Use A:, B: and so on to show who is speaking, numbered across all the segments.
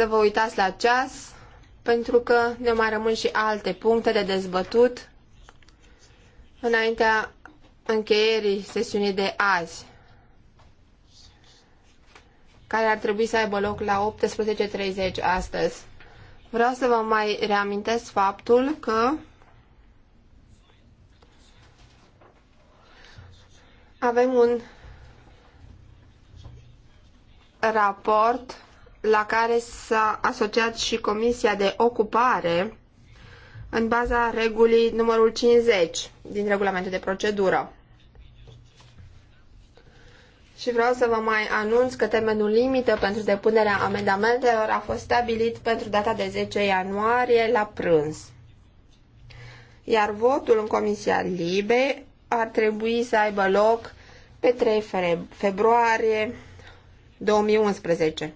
A: să vă uitați la ceas, pentru că ne mai rămân și alte puncte de dezbătut înaintea încheierii sesiunii de azi, care ar trebui să aibă loc la 18.30 astăzi. Vreau să vă mai reamintesc faptul că avem un raport la care s-a asociat și Comisia de Ocupare în baza regulii numărul 50 din regulamentul de procedură. Și vreau să vă mai anunț că termenul limită pentru depunerea amendamentelor a fost stabilit pentru data de 10 ianuarie la prânz. Iar votul în Comisia Libe ar trebui să aibă loc pe 3 februarie 2011.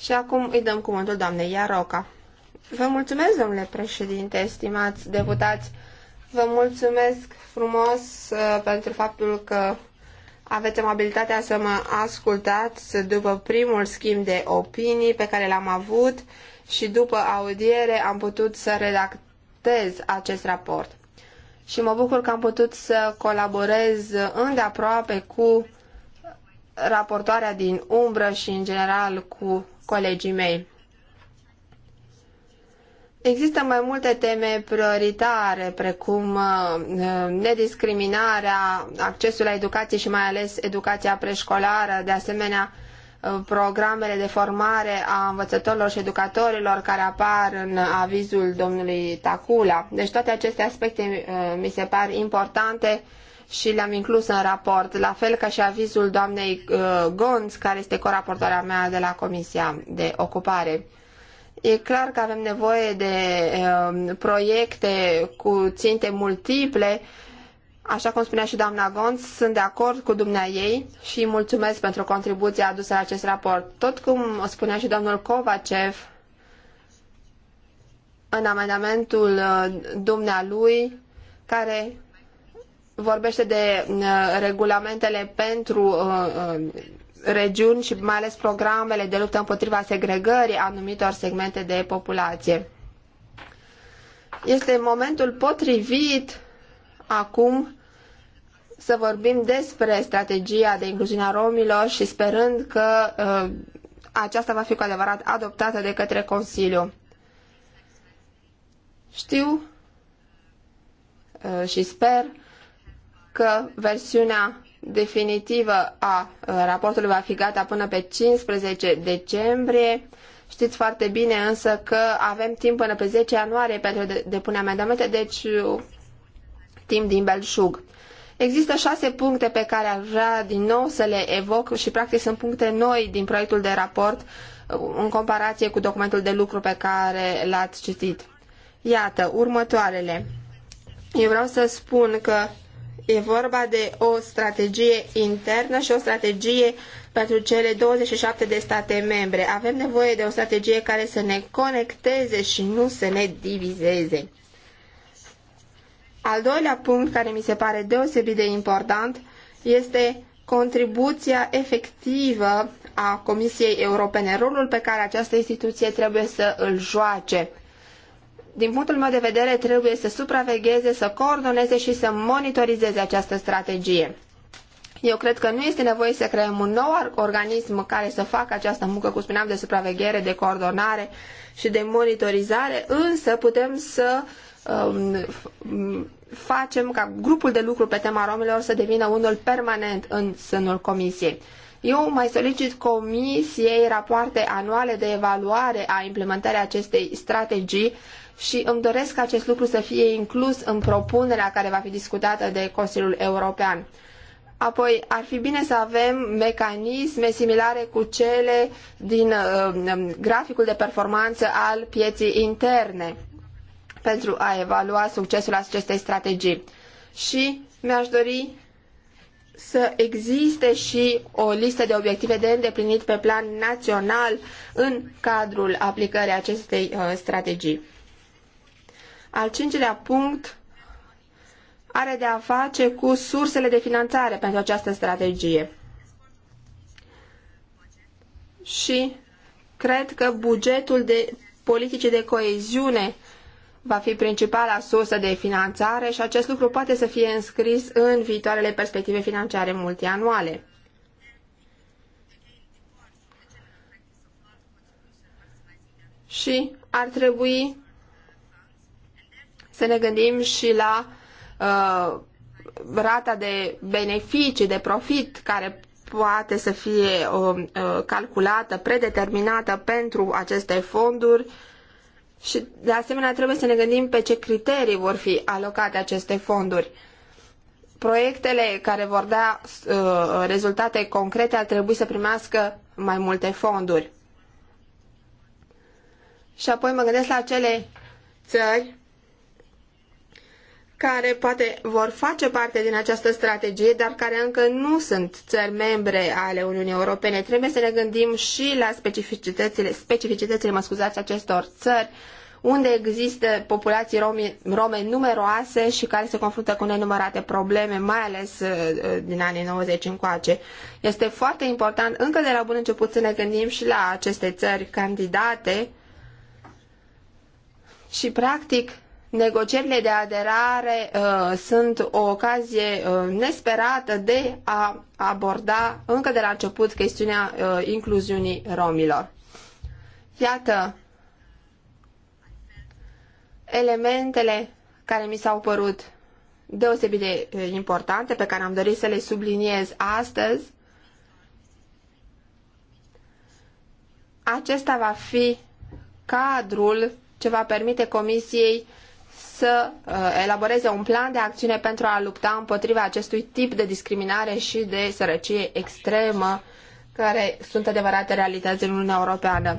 A: Și acum îi dăm cuvântul doamnei Iaroca. Vă mulțumesc, domnule președinte, estimați deputați. Vă mulțumesc frumos uh, pentru faptul că aveți amabilitatea să mă ascultați după primul schimb de opinii pe care l-am avut și după audiere am putut să redactez acest raport. Și mă bucur că am putut să colaborez îndeaproape cu raportoarea din umbră și în general cu colegii mei. Există mai multe teme prioritare, precum uh, nediscriminarea, accesul la educație și mai ales educația preșcolară, de asemenea uh, programele de formare a învățătorilor și educatorilor care apar în avizul domnului Tacula. Deci toate aceste aspecte uh, mi se par importante și le-am inclus în raport, la fel ca și avizul doamnei uh, Gonț, care este coraportoarea mea de la Comisia de Ocupare. E clar că avem nevoie de uh, proiecte cu ținte multiple, Așa cum spunea și doamna Gonț, sunt de acord cu dumnea ei și îi mulțumesc pentru contribuția adusă la acest raport. Tot cum spunea și domnul Kovacev, în amendamentul uh, dumnealui, care vorbește de uh, regulamentele pentru uh, uh, regiuni și mai ales programele de luptă împotriva segregării anumitor segmente de populație. Este momentul potrivit acum să vorbim despre strategia de incluziune a romilor și sperând că uh, aceasta va fi cu adevărat adoptată de către Consiliu. Știu uh, și sper că versiunea definitivă a raportului va fi gata până pe 15 decembrie. Știți foarte bine însă că avem timp până pe 10 ianuarie pentru depunerea amendamente, deci uh, timp din belșug. Există șase puncte pe care aș vrea din nou să le evoc și practic sunt puncte noi din proiectul de raport uh, în comparație cu documentul de lucru pe care l-ați citit. Iată, următoarele. Eu vreau să spun că E vorba de o strategie internă și o strategie pentru cele 27 de state membre. Avem nevoie de o strategie care să ne conecteze și nu să ne divizeze. Al doilea punct care mi se pare deosebit de important este contribuția efectivă a Comisiei Europene, rolul pe care această instituție trebuie să îl joace din punctul meu de vedere, trebuie să supravegheze, să coordoneze și să monitorizeze această strategie. Eu cred că nu este nevoie să creăm un nou organism care să facă această muncă, cum spuneam, de supraveghere, de coordonare și de monitorizare, însă putem să um, facem ca grupul de lucru pe tema romilor să devină unul permanent în sânul comisiei. Eu mai solicit comisiei rapoarte anuale de evaluare a implementării acestei strategii și îmi doresc ca acest lucru să fie inclus în propunerea care va fi discutată de Consiliul European. Apoi, ar fi bine să avem mecanisme similare cu cele din uh, um, graficul de performanță al pieții interne pentru a evalua succesul acestei strategii. Și mi-aș dori să existe și o listă de obiective de îndeplinit pe plan național în cadrul aplicării acestei uh, strategii. Al cincilea punct are de a face cu sursele de finanțare pentru această strategie. Și cred că bugetul de politici de coeziune va fi principala sursă de finanțare și acest lucru poate să fie înscris în viitoarele perspective financiare multianuale. Și ar trebui să ne gândim și la uh, rata de beneficii, de profit care poate să fie uh, uh, calculată, predeterminată pentru aceste fonduri și de asemenea trebuie să ne gândim pe ce criterii vor fi alocate aceste fonduri. Proiectele care vor da uh, rezultate concrete ar trebui să primească mai multe fonduri. Și apoi mă gândesc la acele țări care poate vor face parte din această strategie, dar care încă nu sunt țări membre ale Uniunii Europene. Trebuie să ne gândim și la specificitățile, specificitățile mă scuzați, acestor țări, unde există populații rome, rome numeroase și care se confruntă cu nenumărate probleme, mai ales uh, uh, din anii 90 încoace. Este foarte important încă de la bun început să ne gândim și la aceste țări candidate și, practic, Negocierile de aderare uh, sunt o ocazie uh, nesperată de a aborda încă de la început chestiunea uh, incluziunii romilor. Iată elementele care mi s-au părut deosebit de uh, importante, pe care am dorit să le subliniez astăzi. Acesta va fi cadrul ce va permite Comisiei să uh, elaboreze un plan de acțiune pentru a lupta împotriva acestui tip de discriminare și de sărăcie extremă care sunt adevărate realități în Uniunea Europeană.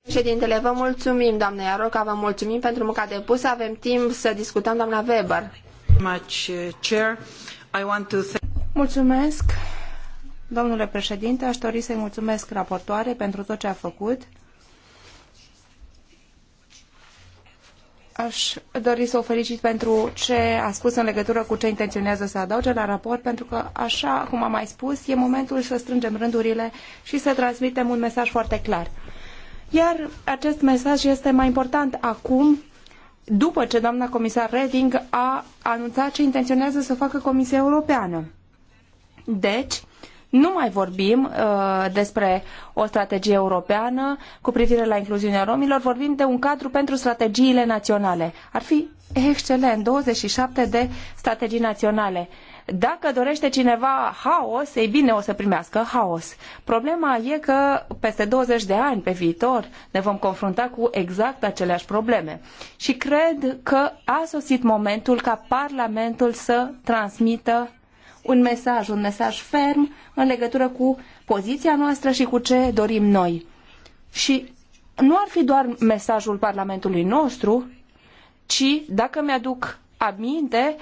A: Președintele, vă mulțumim, doamna Iaroca, vă mulțumim pentru munca depusă. Avem timp să discutăm, doamna Weber.
B: Uh,
A: mulțumesc, domnule președinte. Aș
B: dori să-i mulțumesc raportoare pentru tot ce a făcut. Aș dori să o felicit pentru ce a spus în legătură cu ce intenționează să adauge la raport, pentru că, așa cum am mai spus, e momentul să strângem rândurile și să transmitem un mesaj foarte clar. Iar acest mesaj este mai important acum, după ce doamna comisar Reding a anunțat ce intenționează să facă Comisia Europeană. Deci, nu mai vorbim uh, despre o strategie europeană cu privire la incluziunea romilor, vorbim de un cadru pentru strategiile naționale. Ar fi excelent, 27 de strategii naționale. Dacă dorește cineva haos, ei bine, o să primească haos. Problema e că peste 20 de ani pe viitor ne vom confrunta cu exact aceleași probleme. Și cred că a sosit momentul ca Parlamentul să transmită un mesaj, un mesaj ferm în legătură cu poziția noastră și cu ce dorim noi. Și nu ar fi doar mesajul Parlamentului nostru, ci, dacă mi-aduc aminte,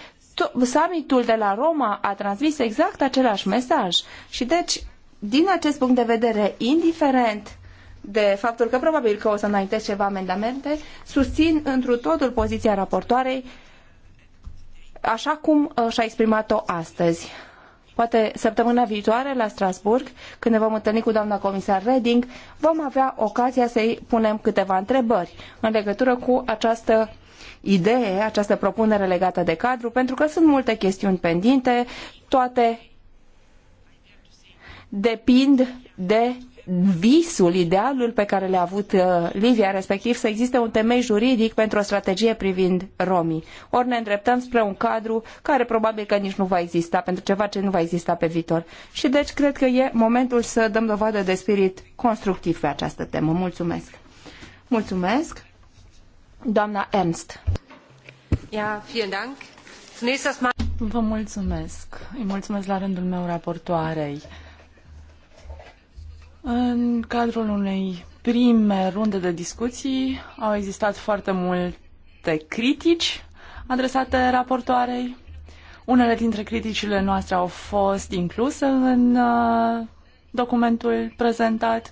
B: summitul de la Roma a transmis exact același mesaj. Și deci, din acest punct de vedere, indiferent de faptul că probabil că o să înaintez ceva amendamente, susțin întru totul poziția raportoarei așa cum uh, și-a exprimat-o astăzi. Poate săptămâna viitoare la Strasburg, când ne vom întâlni cu doamna comisar Reding, vom avea ocazia să-i punem câteva întrebări în legătură cu această idee, această propunere legată de cadru, pentru că sunt multe chestiuni pendinte, toate depind de visul, idealul pe care le-a avut uh, Livia, respectiv să existe un temei juridic pentru o strategie privind romii. Ori ne îndreptăm spre un cadru care probabil că nici nu va exista, pentru ceva ce nu va exista pe viitor. Și deci cred că e momentul să dăm dovadă de spirit constructiv pe această temă. Mulțumesc! Mulțumesc! Doamna Ernst.
C: Ja, vielen Dank. Vă mulțumesc. Îi mulțumesc la rândul meu raportoarei. În cadrul unei prime runde de discuții au existat foarte multe critici adresate raportoarei. Unele dintre criticile noastre au fost incluse în uh, documentul prezentat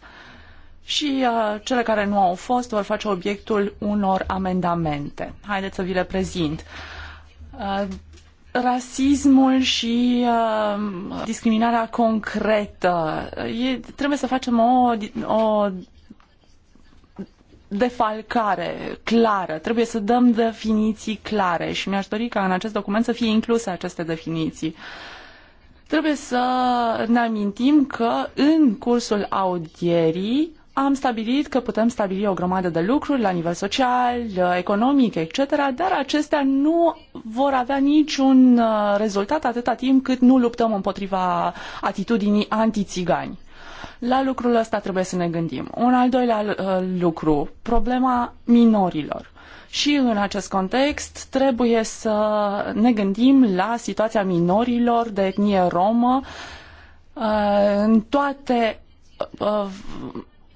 C: și uh, cele care nu au fost vor face obiectul unor amendamente. Haideți să vi le prezint. Uh, rasismul și uh, discriminarea concretă. E, trebuie să facem o, o defalcare clară. Trebuie să dăm definiții clare și mi-aș dori ca în acest document să fie incluse aceste definiții. Trebuie să ne amintim că în cursul audierii am stabilit că putem stabili o grămadă de lucruri la nivel social, economic, etc., dar acestea nu vor avea niciun uh, rezultat atâta timp cât nu luptăm împotriva atitudinii anti anti-țigani. La lucrul ăsta trebuie să ne gândim. Un al doilea uh, lucru, problema minorilor. Și în acest context trebuie să ne gândim la situația minorilor de etnie romă uh, în toate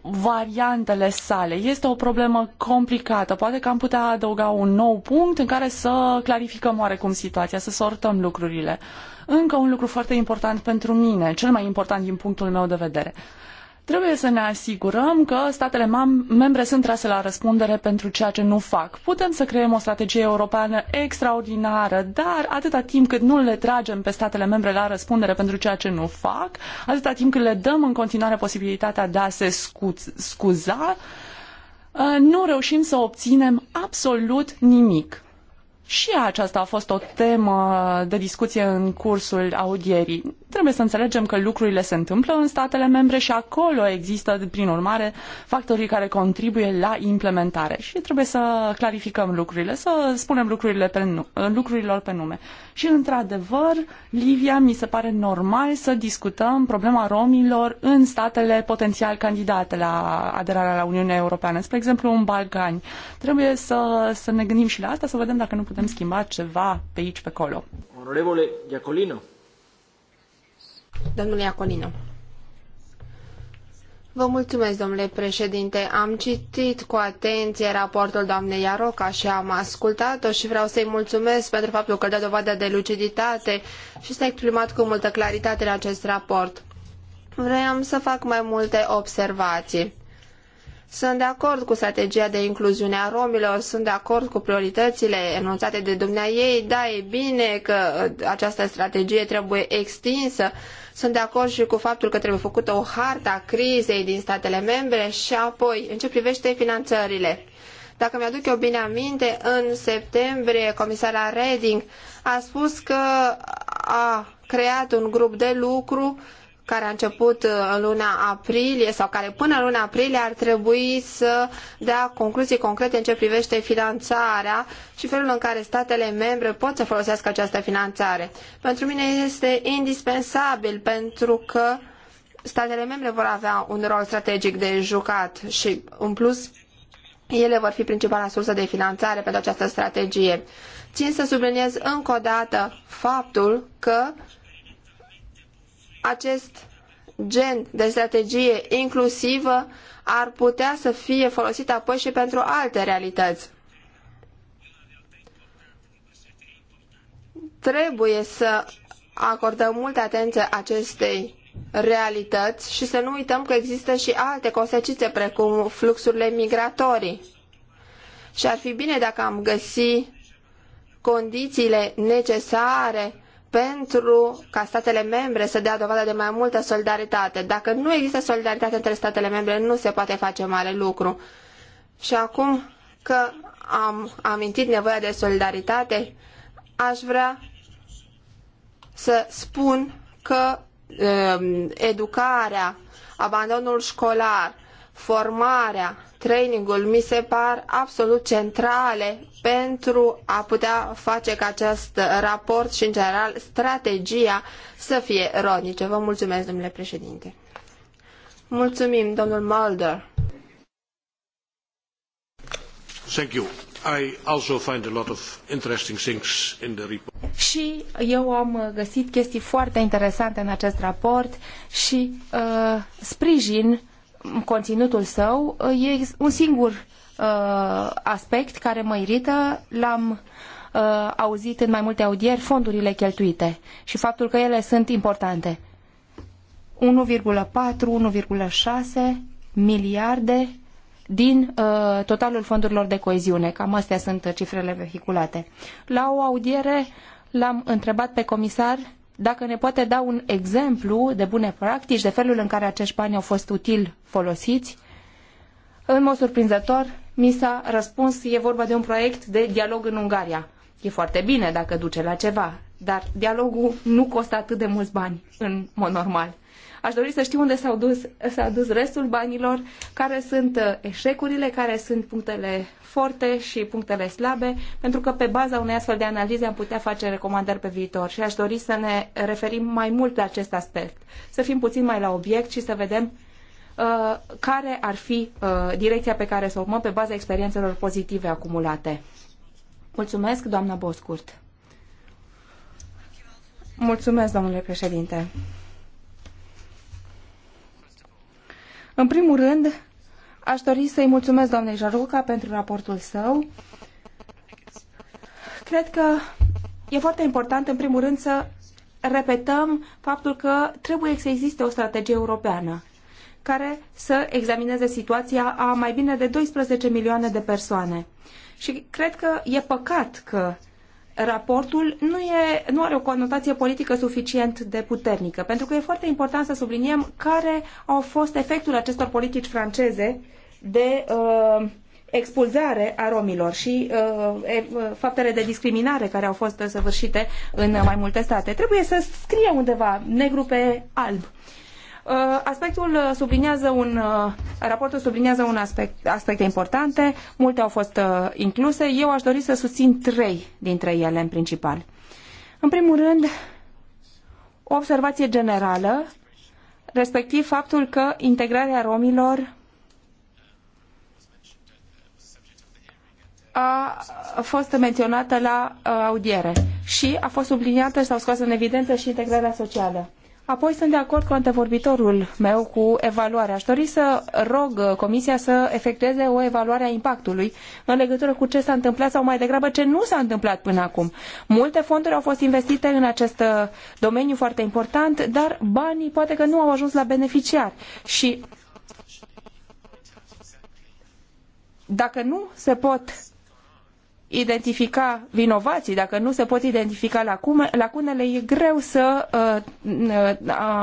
C: variantele sale. Este o problemă complicată. Poate că am putea adăuga un nou punct în care să clarificăm oarecum situația, să sortăm lucrurile. Încă un lucru foarte important pentru mine, cel mai important din punctul meu de vedere. Trebuie să ne asigurăm că statele membre sunt trase la răspundere pentru ceea ce nu fac. Putem să creăm o strategie europeană extraordinară, dar atâta timp cât nu le tragem pe statele membre la răspundere pentru ceea ce nu fac, atâta timp cât le dăm în continuare posibilitatea de a se scuza, uh, nu reușim să obținem absolut nimic. Și aceasta a fost o temă de discuție în cursul audierii. Trebuie să înțelegem că lucrurile se întâmplă în statele membre și acolo există, prin urmare, factorii care contribuie la implementare. Și trebuie să clarificăm lucrurile, să spunem lucrurile pe, lucrurilor pe nume. Și, într-adevăr, Livia, mi se pare normal să discutăm problema romilor în statele potențial candidate la aderarea la Uniunea Europeană, spre exemplu în Balcani. Trebuie să, să ne gândim și la asta, să vedem dacă nu putem putem schimba ceva pe aici, pe acolo.
A: Onorevole Iacolino.
C: Domnule Iacolino.
A: Vă mulțumesc, domnule președinte. Am citit cu atenție raportul doamnei Iaroca și am ascultat-o și vreau să-i mulțumesc pentru faptul că dă dovadă de luciditate și s-a exprimat cu multă claritate în acest raport. Vreau să fac mai multe observații. Sunt de acord cu strategia de incluziune a romilor, sunt de acord cu prioritățile enunțate de dumneaei, da, e bine că uh, această strategie trebuie extinsă, sunt de acord și cu faptul că trebuie făcută o hartă a crizei din statele membre și apoi, în ce privește finanțările. Dacă mi-aduc eu bine aminte, în septembrie comisara Reding a spus că a creat un grup de lucru uh, care a început uh, în luna aprilie sau care până în luna aprilie ar trebui să dea concluzii concrete în ce privește finanțarea și felul în care statele membre pot să folosească această finanțare. Pentru mine este indispensabil pentru că statele membre vor avea un rol strategic de jucat și în plus ele vor fi principala sursă de finanțare pentru această strategie. Țin să subliniez încă o dată faptul că acest gen de strategie inclusivă ar putea să fie folosit apoi și pentru alte realități. Trebuie să acordăm multă atenție acestei realități și să nu uităm că există și alte consecințe precum fluxurile migratorii. Și ar fi bine dacă am găsi condițiile necesare pentru ca statele membre să dea dovadă de mai multă solidaritate. Dacă nu există solidaritate între statele membre, nu se poate face mare lucru. Și acum că am amintit nevoia de solidaritate, aș vrea să spun că um, educarea, abandonul școlar, formarea, trainingul mi se par absolut centrale pentru a putea face ca acest raport și, în general, strategia să fie rodnice. Vă mulțumesc, domnule președinte. Mulțumim, domnul Mulder.
B: Thank you. I also find a lot of interesting things in the report.
A: Și eu
B: am găsit chestii foarte interesante în acest raport și uh, sprijin conținutul său, e un singur uh, aspect care mă irită, l-am uh, auzit în mai multe audieri, fondurile cheltuite și faptul că ele sunt importante. 1,4, 1,6 miliarde din uh, totalul fondurilor de coeziune. Cam astea sunt cifrele vehiculate. La o audiere l-am întrebat pe comisar dacă ne poate da un exemplu de bune practici, de felul în care acești bani au fost util folosiți. În mod surprinzător, mi s-a răspuns, e vorba de un proiect de dialog în Ungaria. E foarte bine dacă duce la ceva, dar dialogul nu costă atât de mulți bani, în mod normal. Aș dori să știu unde s-au dus, s-a dus restul banilor, care sunt uh, eșecurile, care sunt punctele forte și punctele slabe, pentru că pe baza unei astfel de analize am putea face recomandări pe viitor și aș dori să ne referim mai mult la acest aspect, să fim puțin mai la obiect și să vedem uh, care ar fi uh, direcția pe care să o urmăm pe baza experiențelor pozitive acumulate. Mulțumesc, doamna Boscurt. Mulțumesc, domnule președinte. În primul rând, aș dori să-i mulțumesc doamnei Jaruca pentru raportul său. Cred că e foarte important, în primul rând, să repetăm faptul că trebuie să existe o strategie europeană care să examineze situația a mai bine de 12 milioane de persoane. Și cred că e păcat că raportul nu, e, nu are o conotație politică suficient de puternică, pentru că e foarte important să subliniem care au fost efectul acestor politici franceze de uh, expulzare a romilor și uh, uh faptele de discriminare care au fost săvârșite în mai multe state. Trebuie să scrie undeva negru pe alb. Uh, Uh, aspectul uh, subliniază un, uh, raportul subliniază un aspect, aspecte importante, multe au fost incluse. Eu aș dori să susțin trei dintre ele în principal. În primul rând, o observație generală, respectiv faptul că integrarea romilor a fost menționată la audiere și a fost subliniată sau scoasă în evidență și integrarea socială. Apoi sunt de acord cu antevorbitorul meu cu evaluarea. Aș dori să rog Comisia să efectueze o evaluare a impactului în legătură cu ce s-a întâmplat sau mai degrabă ce nu s-a întâmplat până acum. Multe fonduri au fost investite în acest uh, domeniu foarte important, dar banii poate că nu au ajuns la beneficiari. Și dacă nu se pot identifica vinovații, dacă nu se pot identifica lacume, lacunele, e greu să uh, uh,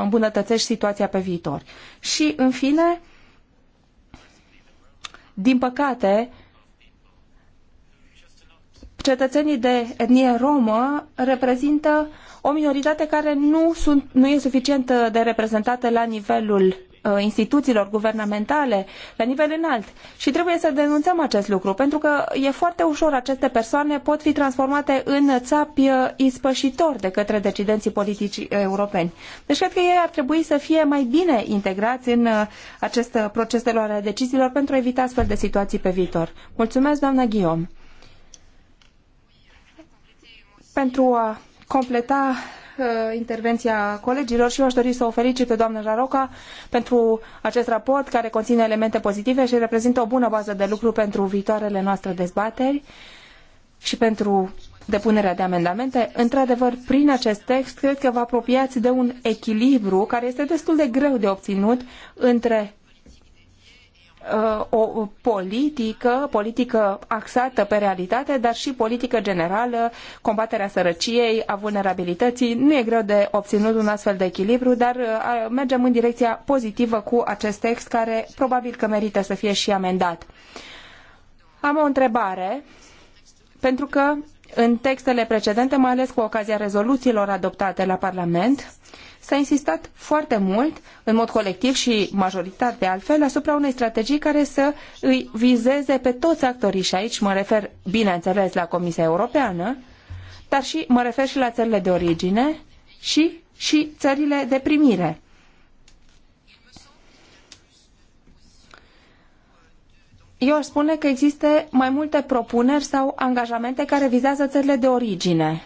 B: îmbunătățești situația pe viitor. Și, în fine, din păcate, cetățenii de etnie romă reprezintă o minoritate care nu, sunt, nu e suficient de reprezentată la nivelul Uh, instituțiilor guvernamentale la nivel înalt. Și trebuie să denunțăm acest lucru, pentru că e foarte ușor aceste persoane pot fi transformate în țapi uh, ispășitori de către decidenții politici europeni. Deci cred că ei ar trebui să fie mai bine integrați în uh, acest proces de luare a deciziilor pentru a evita astfel de situații pe viitor. Mulțumesc, doamna Guillaume. Pentru a completa Uh, intervenția colegilor și eu aș dori să o felicit pe doamna Jaroca pentru acest raport care conține elemente pozitive și reprezintă o bună bază de lucru pentru viitoarele noastre dezbateri și pentru depunerea de amendamente. Într-adevăr, prin acest text, cred că vă apropiați de un echilibru care este destul de greu de obținut între Uh, o politică, politică axată pe realitate, dar și politică generală, combaterea sărăciei, a vulnerabilității. Nu e greu de obținut un astfel de echilibru, dar uh, mergem în direcția pozitivă cu acest text care probabil că merită să fie și amendat. Am o întrebare, pentru că în textele precedente, mai ales cu ocazia rezoluțiilor adoptate la Parlament, uh, s-a insistat foarte mult, în mod colectiv și majoritar de altfel, asupra unei strategii care să îi vizeze pe toți actorii și aici mă refer, bineînțeles, la Comisia Europeană, dar și mă refer și la țările de origine și, și țările de primire. Eu aș spune că există mai multe propuneri sau angajamente care vizează țările de origine.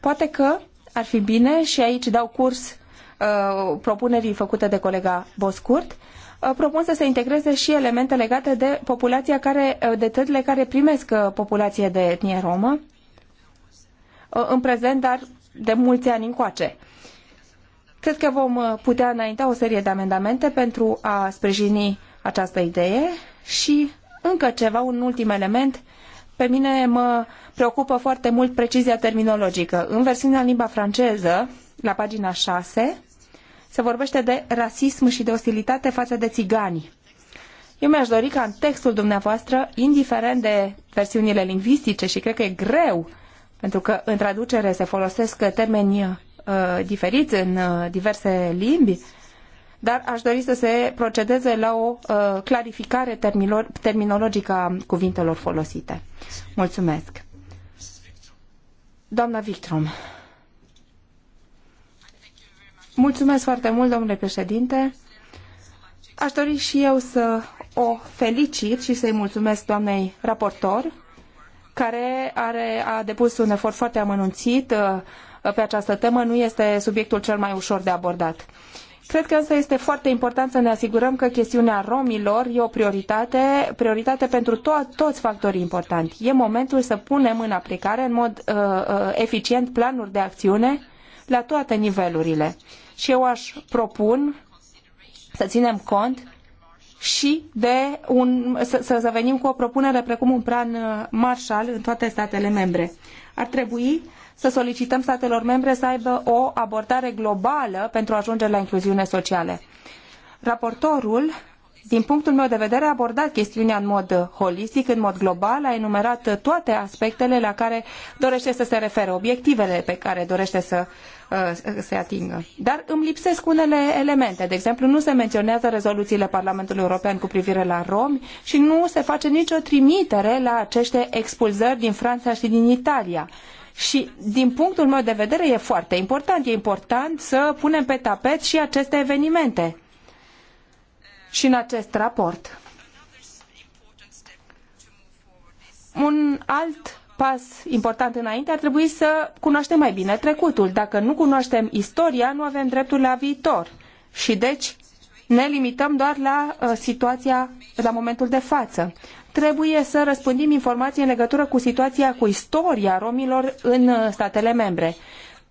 B: Poate că ar fi bine și aici dau curs uh, propunerii făcute de colega Boscurt, uh, propun să se integreze și elemente legate de populația care, uh, de tătile care primesc uh, populație de etnie romă în prezent, dar de mulți ani încoace. Cred că vom putea înainta o serie de amendamente pentru a sprijini această idee și încă ceva, un ultim element, pe mine mă preocupă foarte mult precizia terminologică. În versiunea în limba franceză, la pagina 6, se vorbește de rasism și de ostilitate față de țigani. Eu mi-aș dori ca în textul dumneavoastră, indiferent de versiunile lingvistice, și cred că e greu, pentru că în traducere se folosesc termeni uh, diferiți în uh, diverse limbi, uh, dar aș dori să se procedeze la o uh, clarificare terminologică a cuvintelor folosite. Mulțumesc. Doamna Victrom. Mulțumesc foarte mult, domnule președinte. Aș dori și eu să o felicit și să-i mulțumesc doamnei raportor, care are, a depus un efort foarte amănunțit uh, pe această temă. Nu este subiectul cel mai ușor de abordat. Cred că însă este foarte important să ne asigurăm că chestiunea romilor e o prioritate, prioritate pentru to- toți factorii importanti. E momentul să punem în aplicare în mod uh, uh eficient planuri de acțiune la toate nivelurile. Și eu aș propun să ținem cont și de un, să, să venim cu o propunere precum un plan uh, Marshall în toate statele membre. Ar trebui să solicităm statelor membre să aibă o abordare globală pentru a ajunge la incluziune socială. Raportorul din punctul meu de vedere, a abordat chestiunea în mod holistic, în mod global, a enumerat toate aspectele la care dorește să se refere, obiectivele pe care dorește să uh, se atingă. Dar îmi lipsesc unele elemente. De exemplu, nu se menționează rezoluțiile Parlamentului European cu privire la romi și nu se face nicio trimitere la aceste expulzări din Franța și din Italia. Și din punctul meu de vedere e foarte important. E important să punem pe tapet și aceste evenimente și în acest raport. Un alt pas important înainte ar trebui să cunoaștem mai bine trecutul. Dacă nu cunoaștem istoria, nu avem dreptul la viitor. Și deci ne limităm doar la uh, situația la momentul de față. Trebuie să răspândim informații în legătură cu situația, cu istoria romilor în uh, statele membre.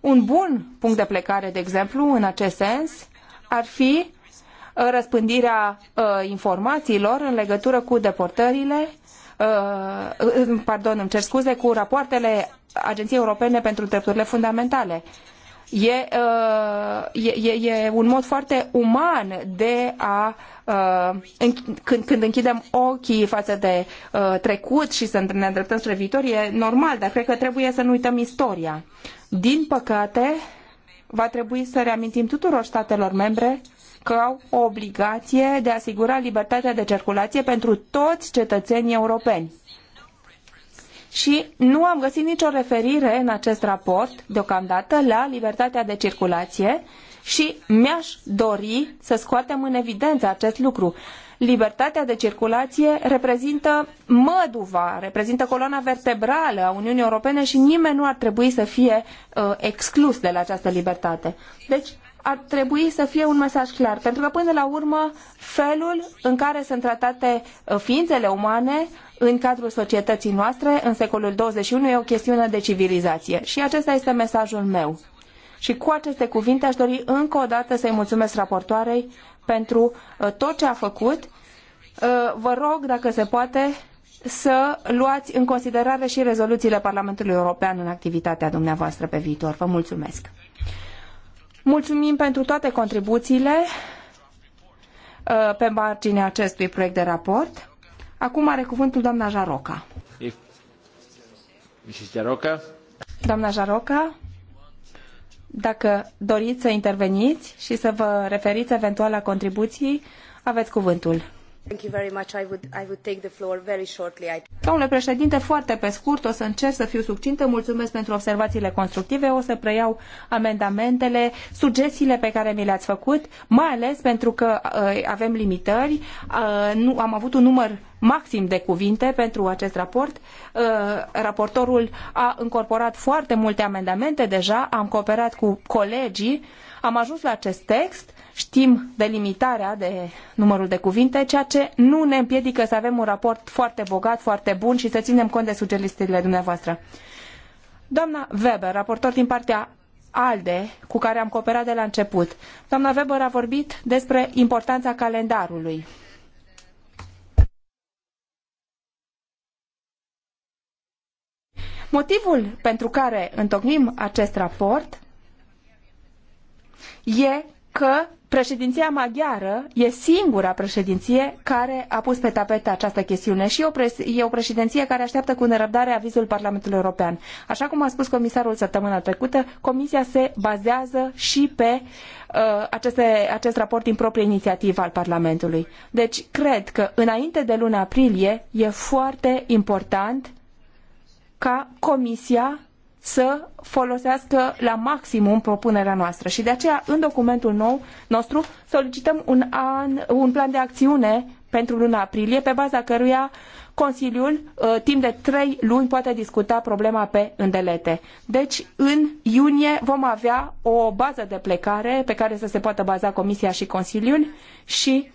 B: Un bun punct de plecare, de exemplu, în acest sens, ar fi uh, răspândirea uh, informațiilor în legătură cu deportările, pardon, îmi cer scuze, cu rapoartele Agenției Europene pentru Drepturile Fundamentale Uh, e, e, e un mod foarte uman de a, uh, când, închidem ochii față de uh, trecut și să ne îndreptăm spre viitor, e normal, dar cred că trebuie să nu uităm istoria. Din păcate, va trebui să reamintim tuturor statelor membre că au o obligație de a asigura libertatea de circulație pentru toți cetățenii europeni și nu am găsit nicio referire în acest raport, deocamdată, la libertatea de circulație și mi-aș dori să scoatem în evidență acest lucru. Libertatea de circulație reprezintă măduva, reprezintă coloana vertebrală a Uniunii Europene și nimeni nu ar trebui să fie uh, exclus de la această libertate. Deci, ar trebui să fie un mesaj clar, pentru că până la urmă felul în care sunt tratate uh, ființele umane în cadrul societății noastre în secolul 21 e o chestiune de civilizație și acesta este mesajul meu. Și cu aceste cuvinte aș dori încă o dată să-i mulțumesc raportoarei pentru uh, tot ce a făcut. Uh, vă rog, dacă se poate, să luați în considerare și rezoluțiile Parlamentului European în activitatea dumneavoastră pe viitor. Vă mulțumesc! Mulțumim pentru toate contribuțiile uh, pe marginea acestui proiect de raport. Acum are cuvântul doamna Jaroca. Doamna Jaroca, dacă doriți să interveniți și să vă referiți eventual la contribuții, aveți cuvântul. Domnule președinte, foarte pe scurt, o să încerc să fiu succintă. Mulțumesc pentru observațiile constructive. O să preiau amendamentele, sugestiile pe care mi le-ați făcut, mai ales pentru că uh, avem limitări. Uh, nu, am avut un număr maxim de cuvinte pentru acest raport. Uh, raportorul a încorporat foarte multe amendamente deja, am cooperat cu colegii, am ajuns la acest text știm delimitarea de numărul de cuvinte, ceea ce nu ne împiedică să avem un raport foarte bogat, foarte bun și să ținem cont de sugestiile dumneavoastră. Doamna Weber, raportor din partea ALDE, cu care am cooperat de la început. Doamna Weber a vorbit despre importanța calendarului. Motivul pentru care întocmim acest raport e că Președinția maghiară e singura președinție care a pus pe tapet această chestiune și e o președinție care așteaptă cu nerăbdare avizul Parlamentului European. Așa cum a spus comisarul săptămâna trecută, Comisia se bazează și pe uh, aceste, acest raport din proprie inițiativă al Parlamentului. Deci, cred că înainte de luna aprilie e foarte important ca Comisia să folosească la maximum propunerea noastră. Și de aceea, în documentul nou, nostru, solicităm un, an, un plan de acțiune pentru luna aprilie, pe baza căruia Consiliul, uh, timp de trei luni, poate discuta problema pe îndelete. Deci, în iunie vom avea o bază de plecare pe care să se poată baza Comisia și Consiliul și,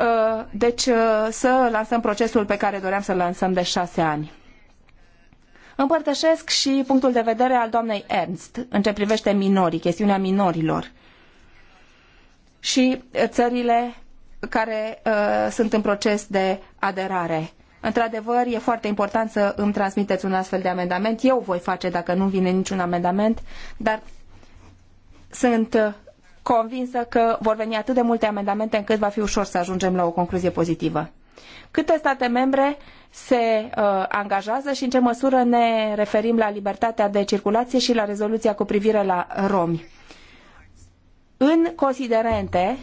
B: uh, deci, uh, să lansăm procesul pe care doream să-l lansăm de șase ani. Împărtășesc și punctul de vedere al doamnei Ernst în ce privește minorii, chestiunea minorilor și uh, țările care uh, sunt în proces de aderare. Într-adevăr, e foarte important să îmi transmiteți un astfel de amendament. Eu voi face dacă nu vine niciun amendament, dar sunt uh, convinsă că vor veni atât de multe amendamente încât va fi ușor să ajungem la o concluzie pozitivă. Câte state membre se uh, angajează și în ce măsură ne referim la libertatea de circulație și la rezoluția cu privire la romi? În considerente,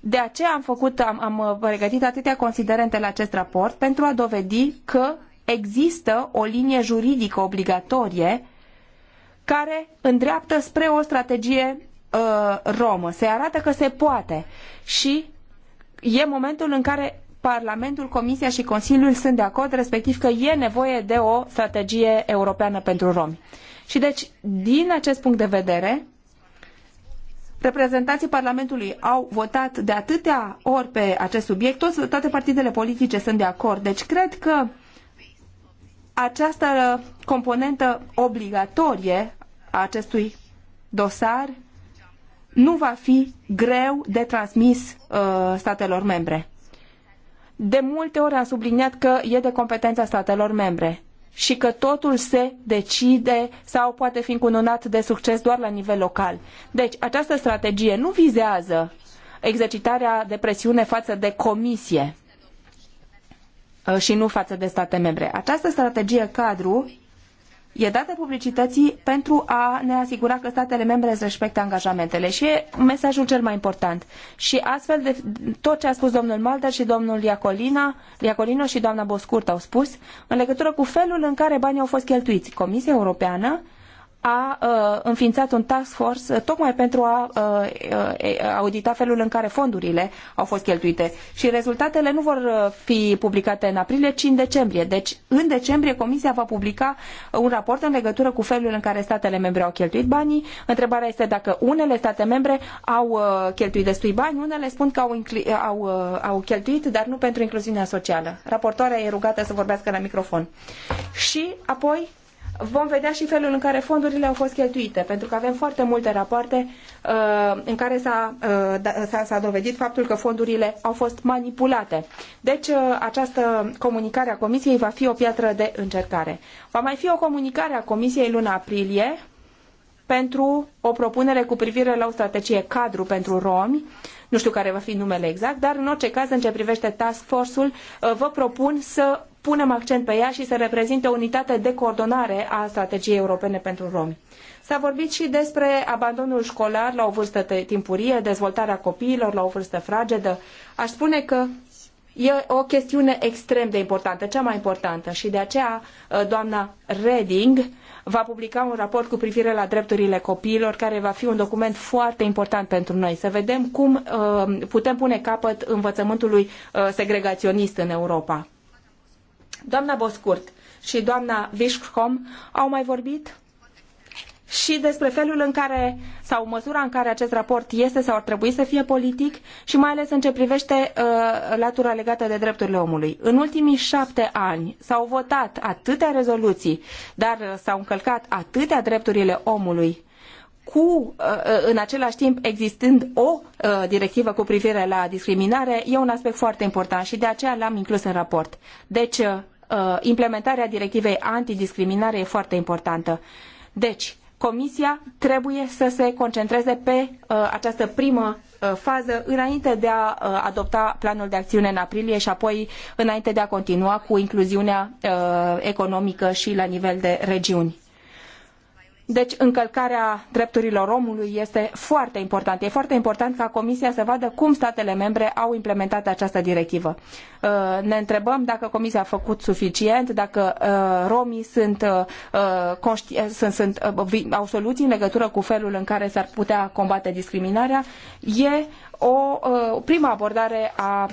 B: de aceea am făcut, am, am pregătit atâtea considerente la acest raport pentru a dovedi că există o linie juridică obligatorie care îndreaptă spre o strategie uh, romă. Se arată că se poate și e momentul în care Parlamentul, Comisia și Consiliul sunt de acord, respectiv că e nevoie de o strategie europeană pentru romi. Și deci, din acest punct de vedere, reprezentanții Parlamentului au votat de atâtea ori pe acest subiect, toți, toate partidele politice sunt de acord. Deci, cred că această componentă obligatorie a acestui dosar nu va fi greu de transmis uh, statelor membre. De multe ori am subliniat că e de competența statelor membre și că totul se decide sau poate fi încununat de succes doar la nivel local. Deci, această strategie nu vizează exercitarea de presiune față de comisie uh, și nu față de state membre. Această strategie cadru e dată publicității pentru a ne asigura că statele membre își respectă angajamentele și e mesajul cel mai important. Și astfel de tot ce a spus domnul Malder și domnul Iacolina, Iacolino și doamna Boscurt au spus în legătură cu felul în care banii au fost cheltuiți. Comisia Europeană a uh, înființat un task force uh, tocmai pentru a uh, audita felul în care fondurile au fost cheltuite. Și rezultatele nu vor fi publicate în aprilie, ci în decembrie. Deci, în decembrie, Comisia va publica un raport în legătură cu felul în care statele membre au cheltuit banii. Întrebarea este dacă unele state membre au cheltuit destui bani, unele spun că au, au, au cheltuit, dar nu pentru incluziunea socială. Raportoarea e rugată să vorbească la microfon. Și apoi vom vedea și felul în care fondurile au fost cheltuite, pentru că avem foarte multe rapoarte uh, în care s-a, uh, da, dovedit faptul că fondurile au fost manipulate. Deci uh, această comunicare a Comisiei va fi o piatră de încercare. Va mai fi o comunicare a Comisiei luna aprilie pentru o propunere cu privire la o strategie cadru pentru romi, nu știu care va fi numele exact, dar în orice caz, în ce privește task force-ul, uh, vă propun să punem accent pe ea și să reprezinte o unitate de coordonare a strategiei europene pentru romi. S-a vorbit și despre abandonul școlar la o vârstă timpurie, dezvoltarea copiilor la o vârstă fragedă. Aș spune că e o chestiune extrem de importantă, cea mai importantă și de aceea uh, doamna Reding va publica un raport cu privire la drepturile copiilor, care va fi un document foarte important pentru noi, să vedem cum uh, putem pune capăt învățământului uh, segregaționist în Europa. Doamna Boscurt și doamna Vishkom au mai vorbit și despre felul în care sau măsura în care acest raport este sau ar trebui să fie politic și mai ales în ce privește uh, latura legată de drepturile omului. În ultimii șapte ani s-au votat atâtea rezoluții, dar uh, s-au încălcat atâtea drepturile omului cu, uh, uh în același timp, existând o uh, directivă cu privire la discriminare, e un aspect foarte important și de aceea l-am inclus în raport. Deci, Uh, implementarea directivei antidiscriminare e foarte importantă. Deci, Comisia trebuie să se concentreze pe uh, această primă uh, fază înainte de a uh, adopta planul de acțiune în aprilie și apoi înainte de a continua cu incluziunea uh, economică și la nivel de regiuni. Deci încălcarea drepturilor omului este foarte importantă. E foarte important ca Comisia să vadă cum statele membre au implementat această directivă. Uh, ne întrebăm dacă Comisia a făcut suficient, dacă uh, romii sunt, uh, sunt, sunt, au soluții în legătură cu felul în care s-ar putea combate discriminarea. E o primă abordare a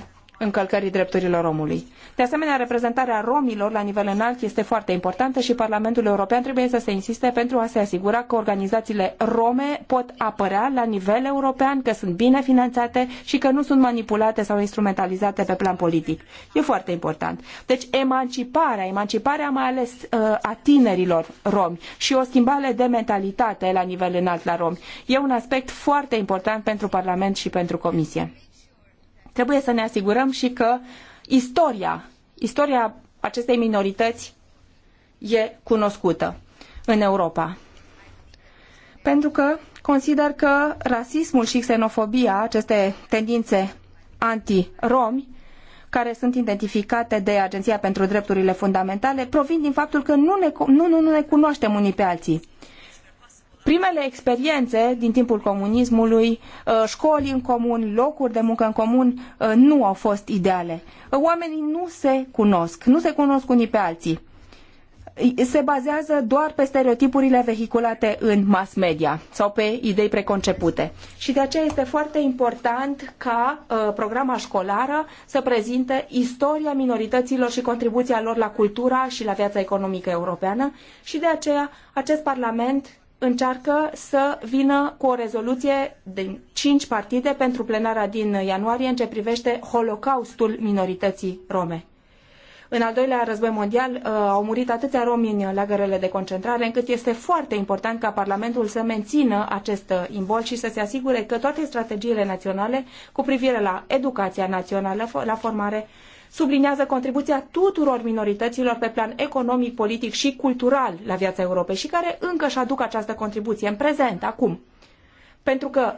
B: încălcării drepturilor omului. De asemenea, reprezentarea romilor la nivel înalt este foarte importantă și Parlamentul European trebuie să se insiste pentru a se asigura că organizațiile rome pot apărea la nivel european, că sunt bine finanțate și că nu sunt manipulate sau instrumentalizate pe plan politic. E foarte important. Deci emanciparea, emanciparea mai ales uh, a tinerilor romi și o schimbare de mentalitate la nivel înalt la romi e un aspect foarte important pentru Parlament și pentru Comisie. Trebuie să ne asigurăm și că istoria, istoria acestei minorități e cunoscută în Europa. Pentru că consider că rasismul și xenofobia, aceste tendințe anti-romi, care sunt identificate de Agenția pentru Drepturile Fundamentale, provin din faptul că nu ne, nu, nu ne cunoaștem unii pe alții primele experiențe din timpul comunismului, uh, școli în comun, locuri de muncă în comun, uh, nu au fost ideale. Uh, oamenii nu se cunosc, nu se cunosc unii pe alții. Se bazează doar pe stereotipurile vehiculate în mass media sau pe idei preconcepute. Și de aceea este foarte important ca programa școlară să prezinte istoria minorităților și contribuția lor la cultura și la viața economică europeană și de aceea acest Parlament încearcă să vină cu o rezoluție din cinci partide pentru plenara din ianuarie în ce privește holocaustul minorității rome. În al doilea război mondial uh, au murit atâția romi în lagărele de concentrare, încât este foarte important ca Parlamentul să mențină acest uh, imbol și să se asigure că toate strategiile naționale cu privire la educația națională, la formare, subliniază contribuția tuturor minorităților pe plan economic, politic și cultural la viața Europei și care încă își aduc această contribuție în prezent, acum. Pentru că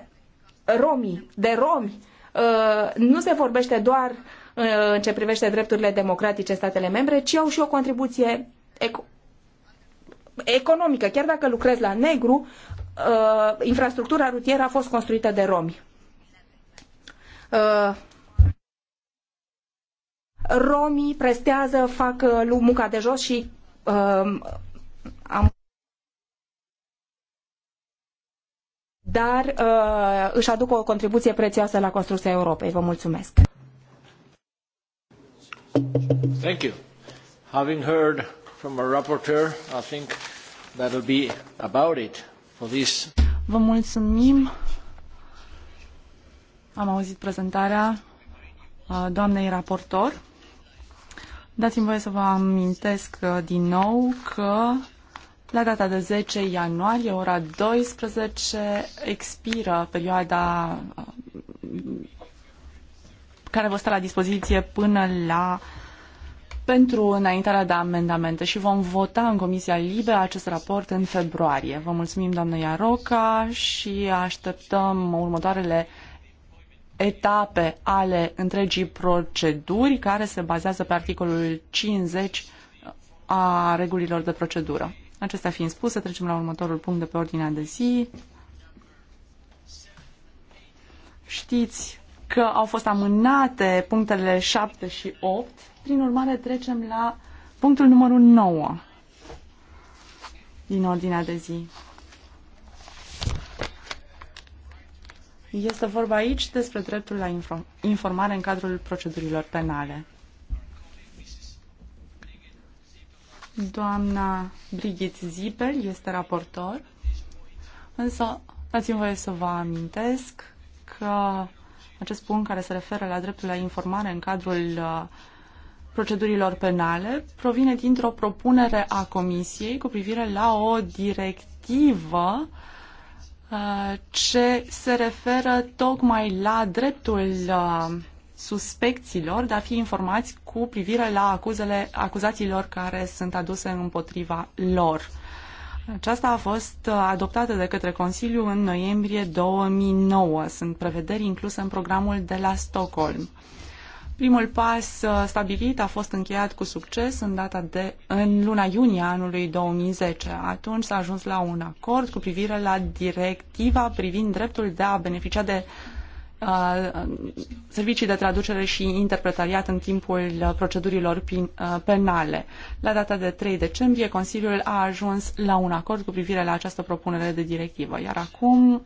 B: romii, de romi, uh, nu se vorbește doar uh, în ce privește drepturile democratice statele membre, ci au și o contribuție eco economică. Chiar dacă lucrez la negru, uh, infrastructura rutieră a fost construită de romi romii prestează, fac uh, munca de jos și uh, am dar uh, își aduc o contribuție prețioasă la construcția Europei. Vă mulțumesc.
C: Thank you.
A: Having heard from a rapporteur, I think that'll be about it for this.
C: Vă mulțumim. Am auzit prezentarea uh, doamnei raportor. Dați-mi voie să vă amintesc uh, din nou că la data de 10 ianuarie, ora 12, expiră perioada uh, care vă stă la dispoziție până la pentru înaintarea de amendamente și vom vota în Comisia Libe acest raport în februarie. Vă mulțumim, doamnă Iaroca, și așteptăm următoarele etape ale întregii proceduri care se bazează pe articolul 50 a regulilor de procedură. Acestea fiind spuse, trecem la următorul punct de pe ordinea de zi. Știți că au fost amânate punctele 7 și 8, prin urmare trecem la punctul numărul 9 din ordinea de zi. Este vorba aici despre dreptul la informare în cadrul procedurilor penale. Doamna Brigitte Zipel este raportor, însă dați-mi voie să vă amintesc că acest punct care se referă la dreptul la informare în cadrul uh, procedurilor penale provine dintr-o propunere a Comisiei cu privire la o directivă uh, Uh, ce se referă tocmai la dreptul uh, suspecților de a fi informați cu privire la acuzele, acuzațiilor care sunt aduse împotriva lor. Aceasta a fost uh, adoptată de către Consiliu în noiembrie 2009. Sunt prevederi incluse în programul de la Stockholm. Primul pas uh, stabilit a fost încheiat cu succes în data de în luna iunie anului 2010. Atunci s-a ajuns la un acord cu privire la directiva privind dreptul de a beneficia de uh, servicii de traducere și interpretariat în timpul uh, procedurilor pin, uh, penale. La data de 3 decembrie, Consiliul a ajuns la un acord cu privire la această propunere de directivă, iar acum uh,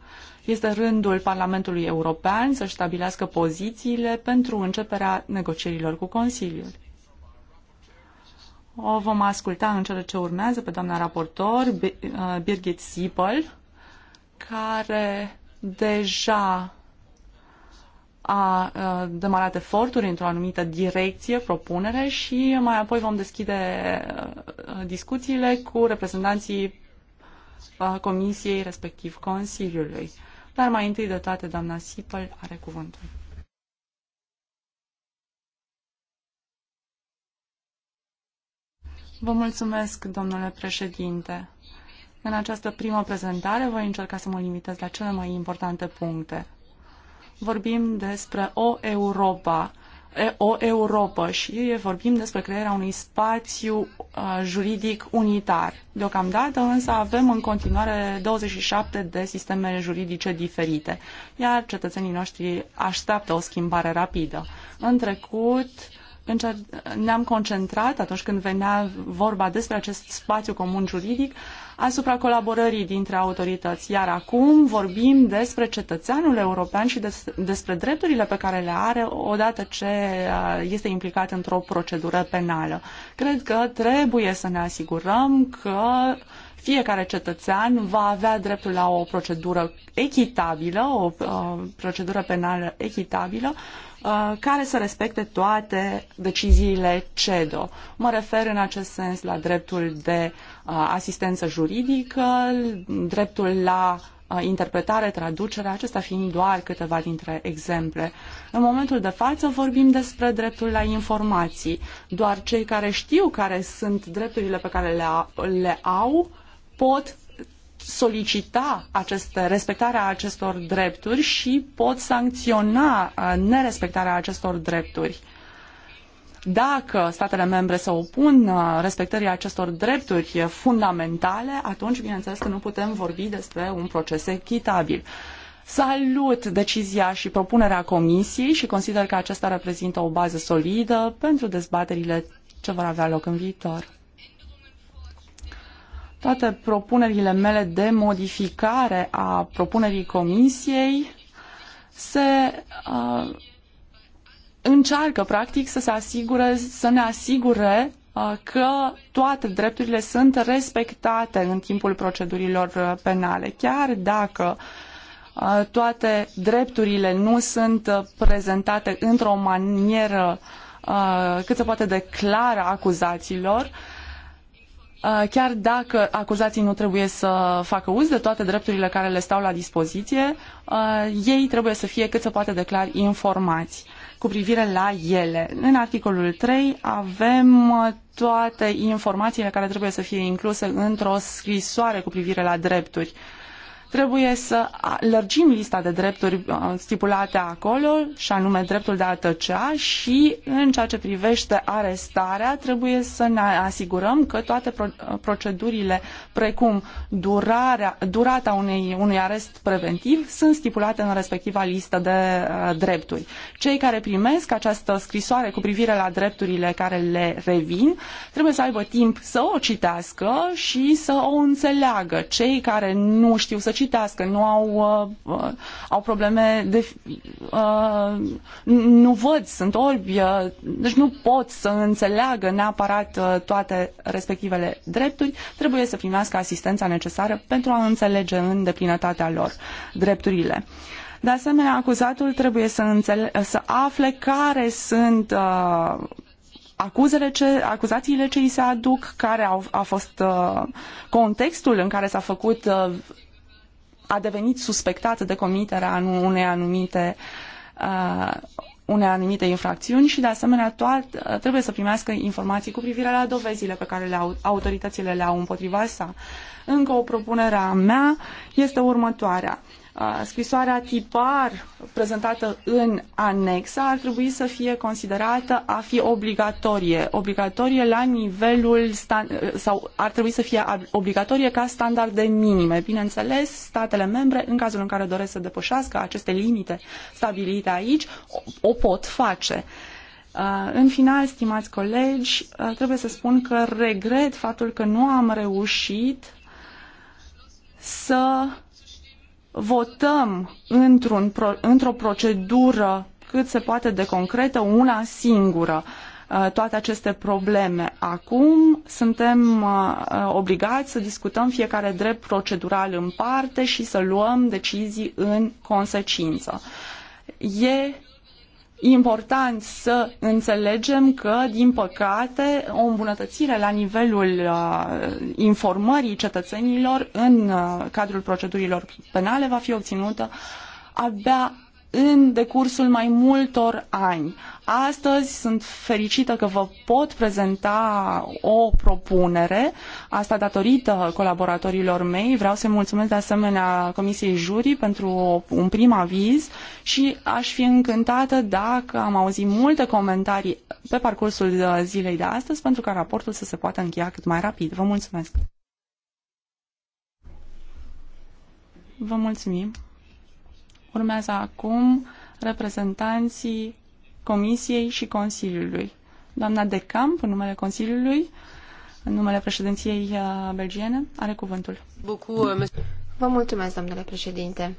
C: este rândul Parlamentului European să stabilească pozițiile pentru începerea negocierilor cu Consiliul. O vom asculta în cele ce urmează pe doamna raportor uh, Birgit Siepel, care deja a uh, demarat eforturi într-o anumită direcție, propunere și mai apoi vom deschide uh, discuțiile cu reprezentanții Comisiei, respectiv Consiliului. Dar mai întâi de toate, doamna Sipăl are cuvântul. Vă mulțumesc, domnule președinte. În această primă prezentare voi încerca să mă limitez la cele mai importante puncte. Vorbim despre o Europa o Europa și vorbim despre crearea unui spațiu uh, juridic unitar. Deocamdată însă avem în continuare 27 de sisteme juridice diferite, iar cetățenii noștri așteaptă o schimbare rapidă. În trecut, ne-am concentrat atunci când venea vorba despre acest spațiu comun juridic asupra colaborării dintre autorități. Iar acum vorbim despre cetățeanul european și des, despre drepturile pe care le are odată ce uh, este implicat într-o procedură penală. Cred că trebuie să ne asigurăm că fiecare cetățean va avea dreptul la o procedură echitabilă, o, o uh, procedură penală echitabilă, Uh, care să respecte toate deciziile CEDO. Mă refer în acest sens la dreptul de uh, asistență juridică, dreptul la uh, interpretare, traducere, acestea fiind doar câteva dintre exemple. În momentul de față vorbim despre dreptul la informații. Doar cei care știu care sunt drepturile pe care le, le au pot solicita aceste, respectarea acestor drepturi și pot sancționa uh, nerespectarea acestor drepturi. Dacă statele membre se opun uh, respectării acestor drepturi fundamentale, atunci, bineînțeles, că nu putem vorbi despre un proces echitabil. Salut decizia și propunerea Comisiei și consider că aceasta reprezintă o bază solidă pentru dezbaterile ce vor avea loc în viitor. Toate propunerile mele de modificare a propunerii comisiei se uh, încearcă, practic, să se asigure, să ne asigure uh, că toate drepturile sunt respectate în timpul procedurilor uh, penale, chiar dacă uh, toate drepturile nu sunt uh, prezentate într-o manieră uh, cât se poate de clară acuzaților, Uh, chiar dacă acuzații nu trebuie să facă uz de toate drepturile care le stau la dispoziție, uh, ei trebuie să fie cât se poate de clar informați cu privire la ele. În articolul 3 avem uh, toate informațiile care trebuie să fie incluse într-o scrisoare cu privire la drepturi trebuie să lărgim lista de drepturi stipulate acolo, și anume dreptul de a tăcea și în ceea ce privește arestarea, trebuie să ne asigurăm că toate procedurile, precum durarea, durata unei, unui arest preventiv, sunt stipulate în respectiva listă de drepturi. Cei care primesc această scrisoare cu privire la drepturile care le revin, trebuie să aibă timp să o citească și să o înțeleagă. Cei care nu știu să citească, nu au, uh, au probleme de. Uh, nu văd, sunt orbi, uh, deci nu pot să înțeleagă neapărat uh, toate respectivele drepturi, trebuie să primească asistența necesară pentru a înțelege în deplinătatea lor drepturile. De asemenea, acuzatul trebuie să, înțele- să afle care sunt. Uh, acuzele ce, acuzațiile ce îi se aduc, care au, a fost uh, contextul în care s-a făcut uh, a devenit suspectat de comiterea unei anumite uh, unei anumite infracțiuni și, de asemenea, toat, uh, trebuie să primească informații cu privire la dovezile pe care le au, autoritățile le au împotriva sa. Încă o propunere a mea este următoarea. Uh, Scrisoarea tipar prezentată în anexă ar trebui să fie considerată a fi obligatorie, obligatorie la nivelul sau ar trebui să fie obligatorie ca standard de minime. Bineînțeles, statele membre, în cazul în care doresc să depășească aceste limite stabilite aici, o, o pot face. În final, stimați colegi, trebuie să spun că regret faptul că nu am reușit să votăm într-un, într-o procedură cât se poate de concretă, una singură, uh, toate aceste probleme. Acum suntem uh, uh, obligați să discutăm fiecare drept procedural în parte și să luăm decizii în consecință. E important să înțelegem că, din păcate, o îmbunătățire la nivelul uh, informării cetățenilor în uh, cadrul procedurilor penale va fi obținută abia în decursul mai multor ani. Astăzi sunt fericită că vă pot prezenta o propunere, asta datorită colaboratorilor mei. Vreau să mulțumesc de asemenea Comisiei Juri pentru un prim aviz și aș fi încântată dacă am auzit multe comentarii pe parcursul zilei de astăzi pentru ca raportul să se poată încheia cât mai rapid. Vă mulțumesc! Vă mulțumim! Urmează acum reprezentanții Comisiei și Consiliului. Doamna De Camp, în numele Consiliului, în numele președinției uh, belgiene, are cuvântul.
A: Vă mulțumesc, domnule președinte.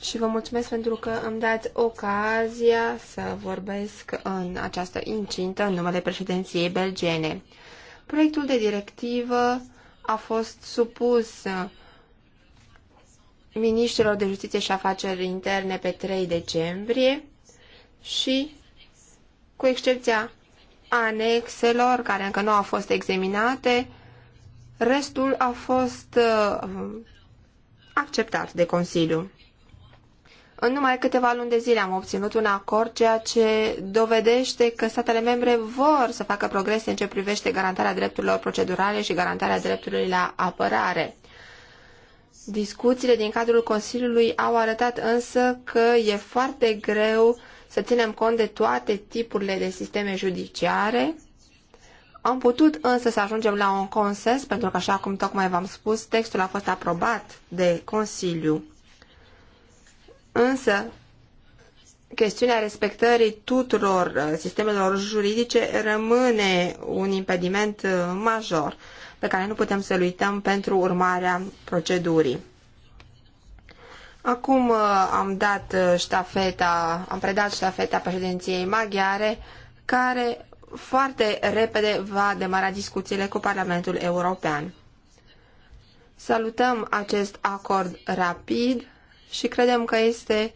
A: Și vă mulțumesc pentru că îmi dați ocazia să vorbesc în această incintă în numele președinției belgiene. Proiectul de directivă a fost supus ministrilor de justiție și afaceri interne pe 3 decembrie și, cu excepția anexelor care încă nu au fost examinate, restul a fost uh, acceptat de Consiliu. În numai câteva luni de zile am obținut un acord, ceea ce dovedește că statele membre vor să facă progrese în ce privește garantarea drepturilor procedurale și garantarea dreptului la apărare. Discuțiile din cadrul Consiliului au arătat însă că e foarte greu să ținem cont de toate tipurile de sisteme judiciare. Am putut însă să ajungem la un consens, pentru că, așa cum tocmai v-am spus, textul a fost aprobat de Consiliu. Însă, chestiunea respectării tuturor uh, sistemelor juridice rămâne un impediment uh, major pe care nu putem să-l uităm pentru urmarea procedurii. Acum uh, am dat uh, ștafeta, am predat ștafeta președinției maghiare, care foarte repede va demara discuțiile cu Parlamentul European. Salutăm acest acord rapid și credem că este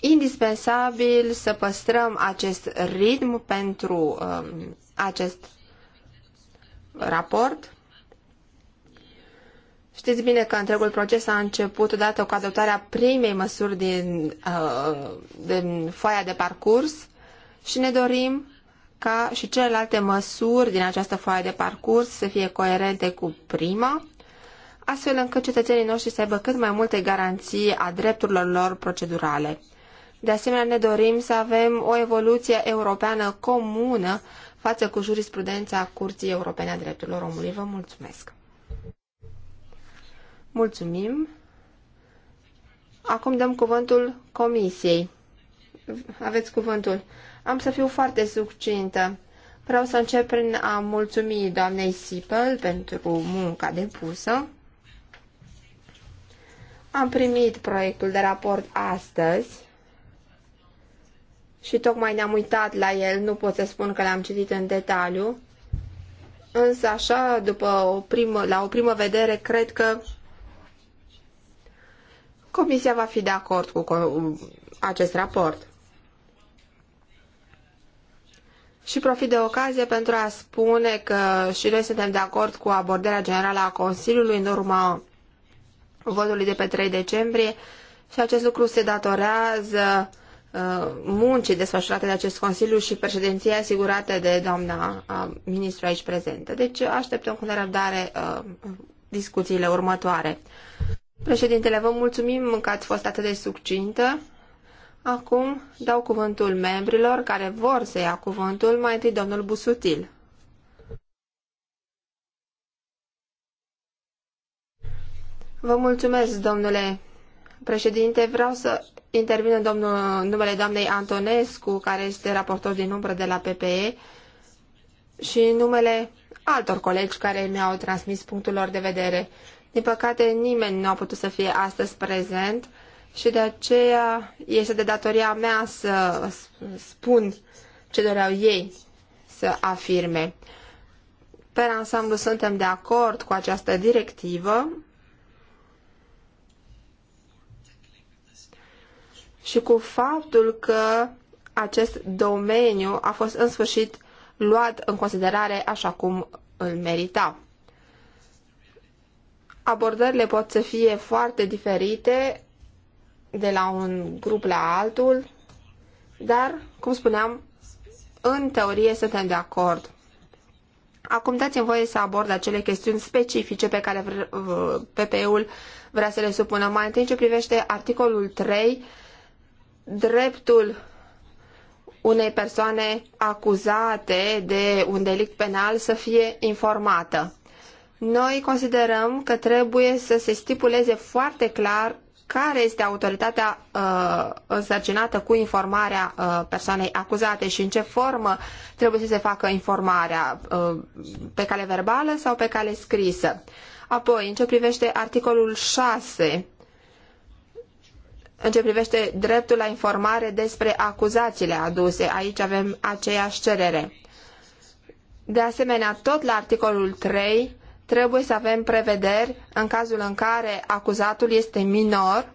A: indispensabil să păstrăm acest ritm pentru um, acest raport Știți bine că întregul proces a început odată cu adoptarea primei măsuri din, uh, din foaia de parcurs și ne dorim ca și celelalte măsuri din această foaie de parcurs să fie coerente cu prima, astfel încât cetățenii noștri să aibă cât mai multe garanții a drepturilor lor procedurale. De asemenea, ne dorim să avem o evoluție europeană comună față cu jurisprudența Curții Europene a Drepturilor Omului. Vă mulțumesc! Mulțumim. Acum dăm cuvântul comisiei. Aveți cuvântul. Am să fiu foarte succintă. Vreau să încep prin a mulțumi doamnei Sipel pentru munca depusă. Am primit proiectul de raport astăzi și tocmai ne-am uitat la el, nu pot să spun că l-am citit în detaliu, însă așa, după o primă, la o primă vedere, cred că Comisia va fi de acord cu acest raport. Și profit de ocazie pentru a spune că și noi suntem de acord cu abordarea generală a Consiliului în urma votului de pe 3 decembrie și acest lucru se datorează uh, muncii desfășurate de acest Consiliu și președinția asigurată de doamna uh, ministru aici prezentă. Deci așteptăm cu nerăbdare uh, discuțiile următoare. Președintele, vă mulțumim că ați fost atât de succintă. Acum dau cuvântul membrilor care vor să ia cuvântul, mai întâi domnul Busutil. Vă mulțumesc, domnule președinte. Vreau să intervină domnul, numele doamnei Antonescu, care este raportor din umbră de la PPE, și numele altor colegi care mi-au transmis punctul lor de vedere. Din păcate, nimeni nu a putut să fie astăzi prezent și de aceea este de datoria mea să spun ce doreau ei să afirme. Pe ansamblu suntem de acord cu această directivă și cu faptul că acest domeniu a fost în sfârșit luat în considerare așa cum îl meritau abordările pot să fie foarte diferite de la un grup la altul, dar, cum spuneam, în teorie suntem de acord. Acum dați-mi voie să abord acele chestiuni specifice pe care PPE-ul vrea să le supună. Mai întâi ce privește articolul 3, dreptul unei persoane acuzate de un delict penal să fie informată. Noi considerăm că trebuie să se stipuleze foarte clar care este autoritatea uh, însărcinată cu informarea uh, persoanei acuzate și în ce formă trebuie să se facă informarea, uh, pe cale verbală sau pe cale scrisă. Apoi, în ce privește articolul 6, în ce privește dreptul la informare despre acuzațiile aduse, aici avem aceeași cerere. De asemenea, tot la articolul 3, trebuie să avem prevederi în cazul în care acuzatul este minor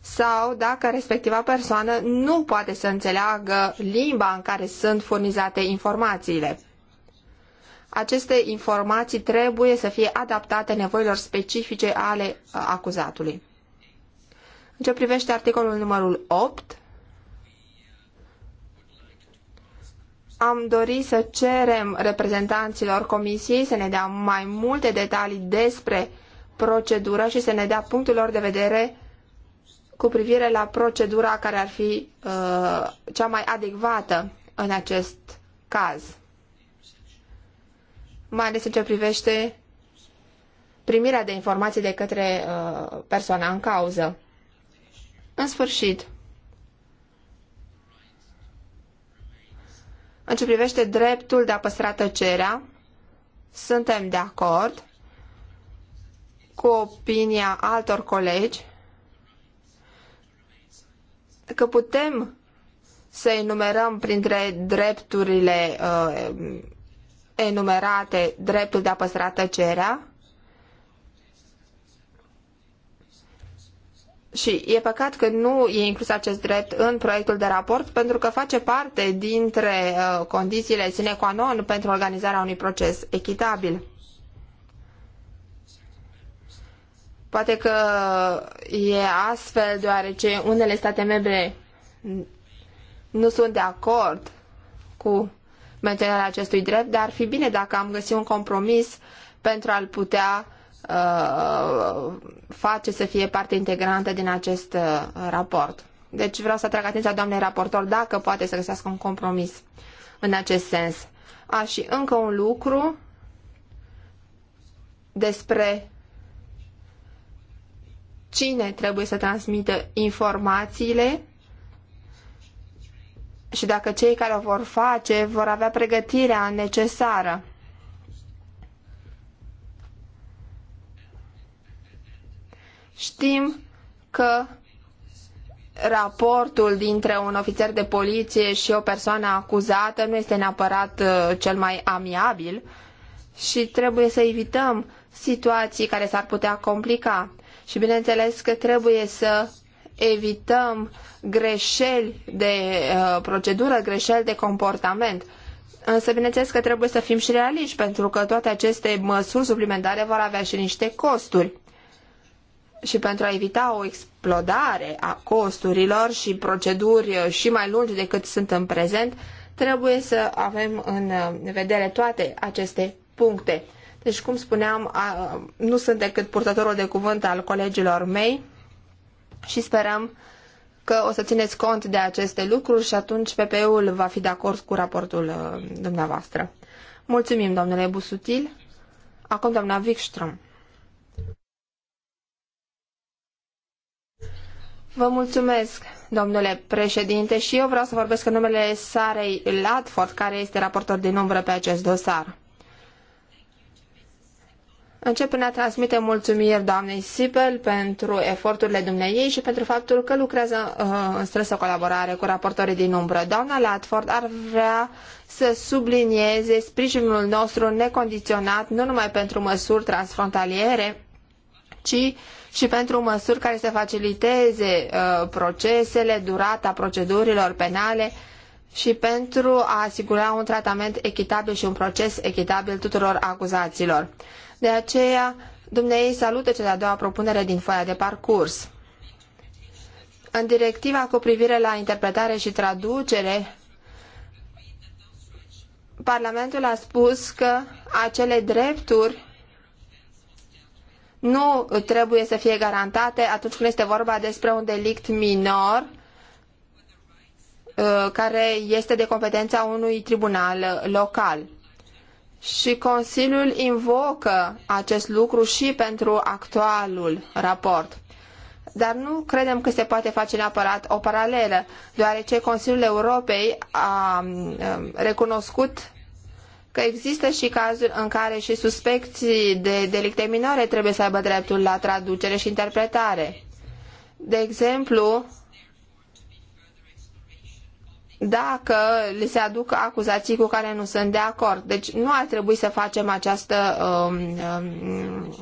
A: sau dacă respectiva persoană nu poate să înțeleagă limba în care sunt furnizate informațiile. Aceste informații trebuie să fie adaptate nevoilor specifice ale uh, acuzatului. În ce privește articolul numărul 8, am dorit să cerem reprezentanților comisiei să ne dea mai multe detalii despre procedură și să ne dea punctul lor de vedere cu privire la procedura care ar fi uh, cea mai adecvată în acest caz. Mai ales în ce privește primirea de informații de către uh, persoana în cauză. În sfârșit, În ce privește dreptul de a păstra tăcerea, suntem de acord cu opinia altor colegi că putem să enumerăm printre drepturile uh, enumerate dreptul de a păstra tăcerea, Și e păcat că nu e inclus acest drept în proiectul de raport, pentru că face parte dintre uh, condițiile sine qua non pentru organizarea unui proces echitabil. Poate că e astfel, deoarece unele state membre nu sunt de acord cu menționarea acestui drept, dar ar fi bine dacă am găsit un compromis pentru a-l putea Uh, face să fie parte integrantă din acest uh, raport. Deci vreau să atrag atenția doamnei raportor dacă poate să găsească un compromis în acest sens. A, și încă un lucru despre cine trebuie să transmită informațiile și dacă cei care o vor face vor avea pregătirea necesară. Știm că raportul dintre un ofițer de poliție și o persoană acuzată nu este neapărat uh, cel mai amiabil și trebuie să evităm situații care s-ar putea complica. Și bineînțeles că trebuie să evităm greșeli de uh, procedură, greșeli de comportament. Însă, bineînțeles că trebuie să fim și realiști, pentru că toate aceste măsuri suplimentare vor avea și niște costuri și pentru a evita o explodare a costurilor și proceduri și mai lungi decât sunt în prezent, trebuie să avem în vedere toate aceste puncte. Deci, cum spuneam, nu sunt decât purtătorul de cuvânt al colegilor mei și sperăm că o să țineți cont de aceste lucruri și atunci PPE-ul va fi de acord cu raportul uh, dumneavoastră. Mulțumim, domnule Busutil. Acum, doamna Wikström. Vă mulțumesc, domnule președinte, și eu vreau să vorbesc în numele Sarei Latford, care este raportor din umbră pe acest dosar. Încep prin a transmite mulțumiri doamnei Sipel pentru eforturile dumneiei și pentru faptul că lucrează uh, în strânsă colaborare cu raportorii din umbră. Doamna Latford ar vrea să sublinieze sprijinul nostru necondiționat nu numai pentru măsuri transfrontaliere, ci și pentru măsuri care să faciliteze uh, procesele, durata procedurilor penale și pentru a asigura un tratament echitabil și un proces echitabil tuturor acuzaților. De aceea, dumneei salută cea de-a doua propunere din foaia de parcurs. În directiva cu privire la interpretare și traducere, Parlamentul a spus că acele drepturi nu trebuie să fie garantate atunci când este vorba despre un delict minor uh, care este de competența unui tribunal local. Și Consiliul invocă acest lucru și pentru actualul raport. Dar nu credem că se poate face neapărat o paralelă, deoarece Consiliul Europei a um, recunoscut că există și cazuri în care și suspecții de delicte minore trebuie să aibă dreptul la traducere și interpretare. De exemplu, dacă li se aduc acuzații cu care nu sunt de acord. Deci nu ar trebui să facem această um, um,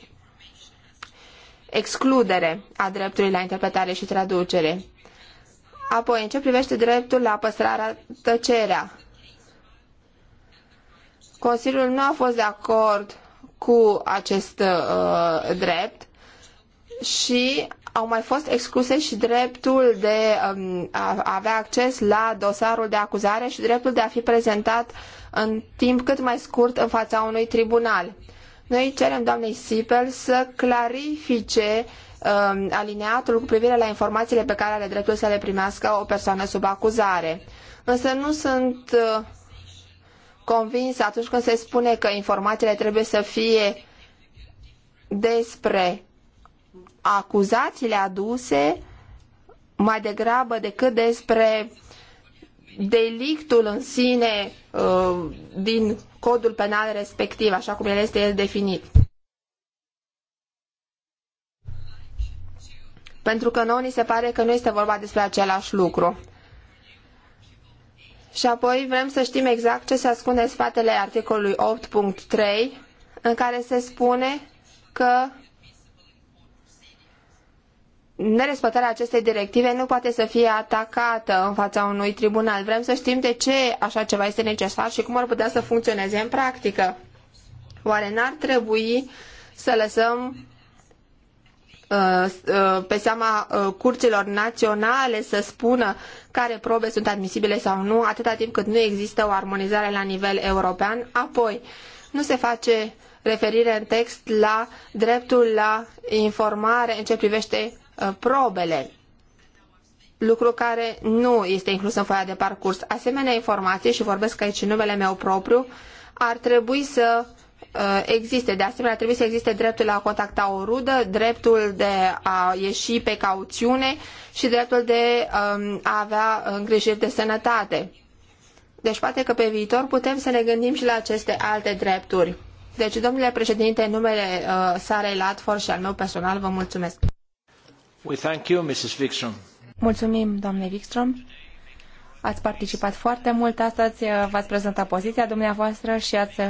A: excludere a dreptului la interpretare și traducere. Apoi, în ce privește dreptul la păstrarea tăcerea, Consiliul nu a fost de acord cu acest uh, drept și au mai fost excluse și dreptul de um, a avea acces la dosarul de acuzare și dreptul de a fi prezentat în timp cât mai scurt în fața unui tribunal. Noi cerem doamnei Sipel să clarifice um, alineatul cu privire la informațiile pe care are dreptul să le primească o persoană sub acuzare. Însă nu sunt uh, convins atunci când se spune că informațiile trebuie să fie despre acuzațiile aduse mai degrabă decât despre delictul în sine uh, din codul penal respectiv, așa cum el este el definit. Pentru că nouă ni se pare că nu este vorba despre același lucru. Și apoi vrem să știm exact ce se ascunde în spatele articolului 8.3, în care se spune că nerespectarea acestei directive nu poate să fie atacată în fața unui tribunal. Vrem să știm de ce așa ceva este necesar și cum ar putea să funcționeze în practică. Oare n-ar trebui să lăsăm Uh, uh, pe seama uh, curților naționale să spună care probe sunt admisibile sau nu, atâta timp cât nu există o armonizare la nivel european. Apoi, nu se face referire în text la dreptul la informare în ceea ce privește probele lucru care nu este inclus în foaia de parcurs. Asemenea informații, și vorbesc aici în numele meu propriu, ar trebui să Uh, existe. De asemenea, trebuie să existe dreptul la a contacta o rudă, dreptul de a ieși pe cauțiune și dreptul de um, a avea îngrijiri de sănătate. Deci poate că pe viitor putem să ne gândim și la aceste alte drepturi. Deci, domnule președinte, în numele uh, Sarei Latford și al meu personal, vă mulțumesc. We thank you, Mrs. Wikström.
B: Mulțumim, domnule Wikström. Ați participat foarte mult astăzi, uh, v-ați prezentat poziția dumneavoastră și ați uh,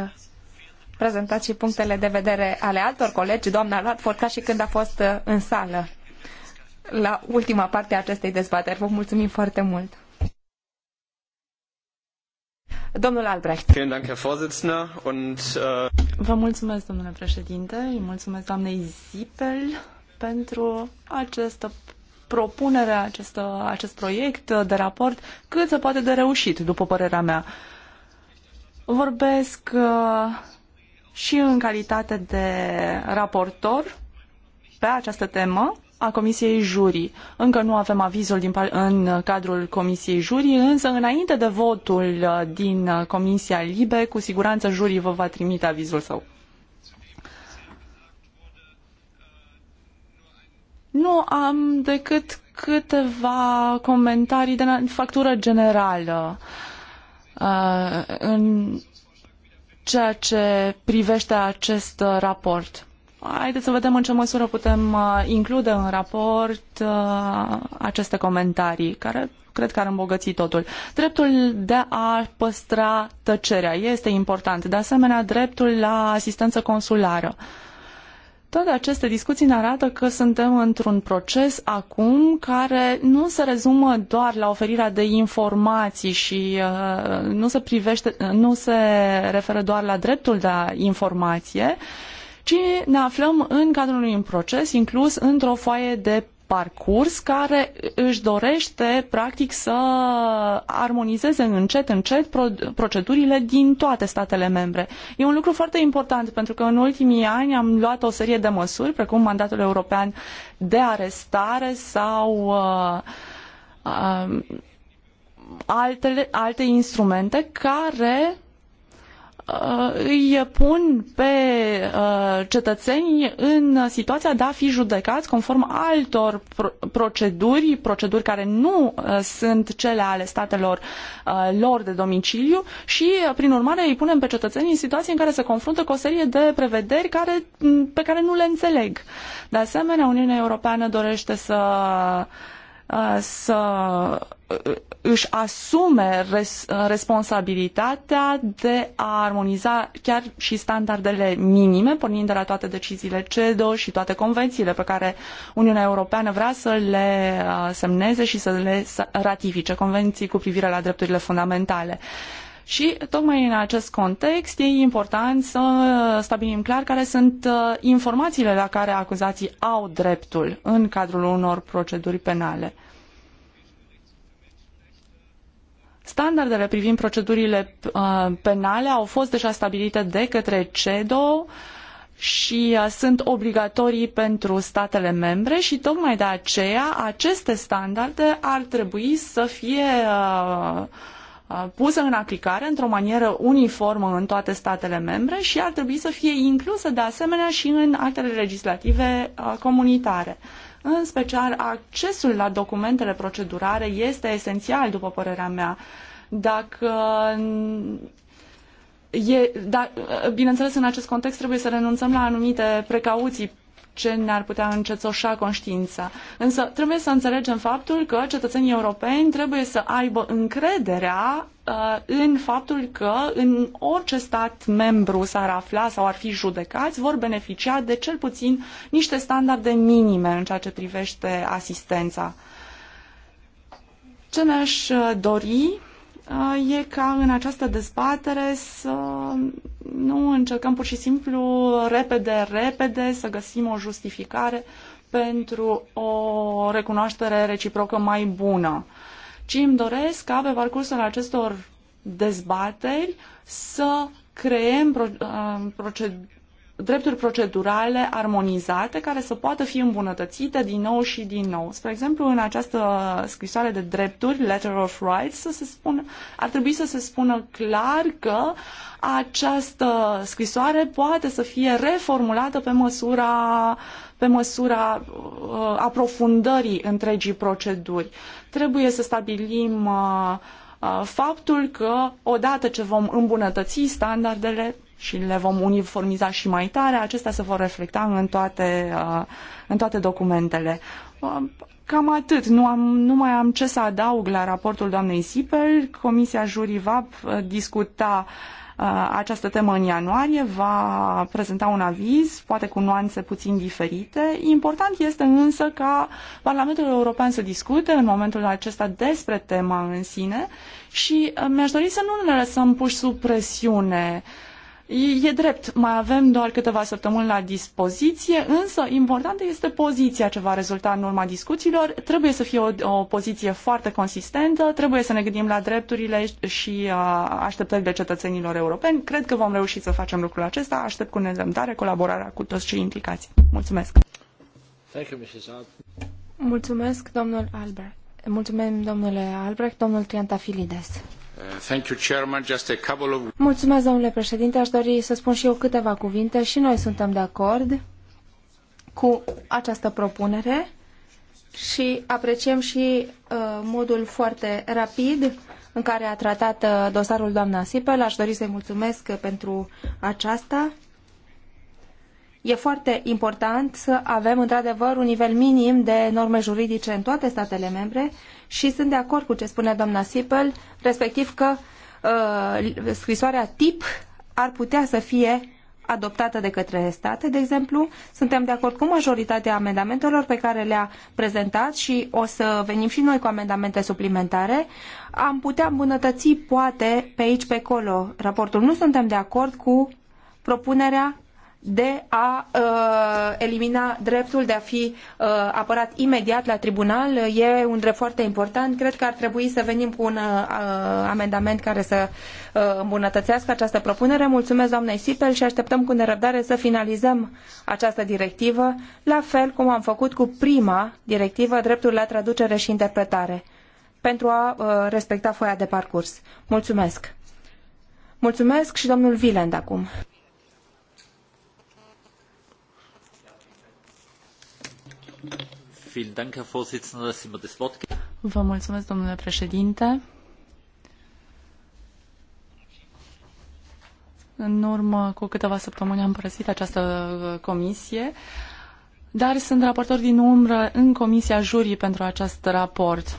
B: prezentat și punctele de vedere ale altor colegi, doamna Latford, ca și când a fost uh, în sală la ultima parte a acestei dezbateri.
C: Vă mulțumim foarte mult! Domnul Albrecht. Äh, Vă mulțumesc, domnule președinte, îi mulțumesc doamnei Zipel pentru această propunere, acest, acest proiect de raport cât se poate de reușit, după părerea mea. Vorbesc uh, și în calitate de raportor pe această temă a Comisiei Jurii. Încă nu avem avizul din, în cadrul Comisiei Jurii, însă înainte de votul din Comisia Libe, cu siguranță jurii vă va trimite avizul său. Nu am decât câteva comentarii de factură generală. Uh, în ceea ce privește acest uh, raport. Haideți să vedem în ce măsură putem uh, include în raport uh, aceste comentarii, care cred că ar îmbogăți totul. Dreptul de a păstra tăcerea este important, de asemenea dreptul la asistență consulară. Uh, toate aceste discuții ne arată că suntem într-un proces acum care nu se rezumă doar la oferirea de informații și uh, nu se privește, uh, nu se referă doar la dreptul de informație, ci ne aflăm în cadrul unui proces inclus într-o foaie de parcurs care își dorește, practic, să armonizeze încet, încet procedurile din toate statele membre. E un lucru foarte important, pentru că în ultimii ani am luat o serie de măsuri, precum mandatul european de arestare sau uh, uh, alte, alte instrumente care Uh, îi pun pe uh, cetățeni în situația de a fi judecați conform altor proceduri, proceduri care nu uh, sunt cele ale statelor lor de domiciliu și, prin urmare, îi punem pe cetățeni în situații în care se confruntă cu o serie de prevederi care, mm, pe care nu le înțeleg. De asemenea, Uniunea Europeană dorește să să își asume res, responsabilitatea de a armoniza chiar și standardele minime, pornind de la toate deciziile CEDO și toate convențiile pe care Uniunea Europeană vrea să le uh, semneze și să le ratifice, convenții cu privire la drepturile fundamentale. Și tocmai în acest context e important să stabilim clar care sunt uh, informațiile la care acuzații au dreptul în cadrul unor proceduri penale. Standardele privind procedurile uh, penale au fost deja stabilite de către CEDO și uh, sunt obligatorii pentru statele membre și tocmai de aceea aceste standarde ar trebui să fie uh, pusă în aplicare într-o manieră uniformă în toate statele membre și ar trebui să fie inclusă de asemenea și în actele legislative comunitare. Uh, în special, accesul la documentele procedurare este esențial, după părerea mea. Dacă E, da, bineînțeles, în acest context trebuie să renunțăm la anumite precauții ce ne-ar putea încețoșa conștiința. Însă trebuie să înțelegem faptul că cetățenii europeni trebuie să aibă încrederea uh, în faptul că în orice stat membru s-ar afla sau ar fi judecați, vor beneficia de cel puțin niște standarde minime în ceea ce privește asistența. Ce ne-aș uh, dori Uh, e ca în această dezbatere să nu încercăm pur și simplu repede, repede să găsim o justificare pentru o recunoaștere reciprocă mai bună, ci îmi doresc ca pe parcursul acestor dezbateri să creem uh, proceduri drepturi procedurale armonizate care să poată fi îmbunătățite din nou și din nou. Spre exemplu, în această scrisoare de drepturi, Letter of Rights, să se spună, ar trebui să se spună clar că această scrisoare poate să fie reformulată pe măsura, pe măsura uh, aprofundării întregii proceduri. Trebuie să stabilim uh, Uh, faptul că odată ce vom îmbunătăți standardele și le vom uniformiza și mai tare, acestea se vor reflecta în toate, uh, în toate documentele. Uh, cam atât. Nu, am, nu mai am ce să adaug la raportul doamnei Sipel. Comisia Jurivap discuta uh, Uh, această temă în ianuarie, va prezenta un aviz, poate cu nuanțe puțin diferite. Important este însă ca Parlamentul European să discute în momentul acesta despre tema în sine și uh, mi-aș dori să nu ne lăsăm puși sub presiune uh, E drept, mai avem doar câteva săptămâni la dispoziție, însă importantă este poziția ce va rezulta în urma discuțiilor. Trebuie să fie o, o poziție foarte consistentă, trebuie să ne gândim la drepturile și uh, așteptările cetățenilor europeni. Cred că vom reuși să facem lucrul acesta. Aștept cu nerăbdare colaborarea cu toți cei implicați. Mulțumesc!
A: Thank you, Mrs.
B: Mulțumesc, domnul Albrecht. Mulțumim, domnule Albrecht, domnul Triantafilides. Mulțumesc, domnule președinte. Aș dori să spun și eu câteva cuvinte. Și noi suntem de acord cu această propunere și apreciem și uh, modul foarte rapid în care a tratat uh, dosarul doamna Sipel. Aș dori să-i mulțumesc pentru aceasta. E foarte important să avem, într-adevăr, un nivel minim de norme juridice în toate statele membre și sunt de acord cu ce spune doamna Sipel, respectiv că uh, scrisoarea tip ar putea să fie adoptată de către state, de exemplu. Suntem de acord cu majoritatea amendamentelor pe care le-a prezentat și o să venim și noi cu amendamente suplimentare. Am putea îmbunătăți, poate, pe aici, pe acolo, raportul. Nu suntem de acord cu propunerea de a uh, elimina dreptul de a fi uh, apărat imediat la tribunal. E un drept foarte important. Cred că ar trebui să venim cu un uh, amendament care să uh, îmbunătățească această propunere. Mulțumesc doamnei Sipel și așteptăm cu nerăbdare să finalizăm această directivă, la fel cum am făcut cu prima directivă, dreptul la traducere și interpretare, pentru a respecta foaia de parcurs. Mulțumesc! Mulțumesc și domnul Vilend acum.
C: Vă mulțumesc, domnule președinte. În urmă cu câteva săptămâni am părăsit această uh, comisie, dar sunt raportor din umbră în comisia jurii pentru acest raport.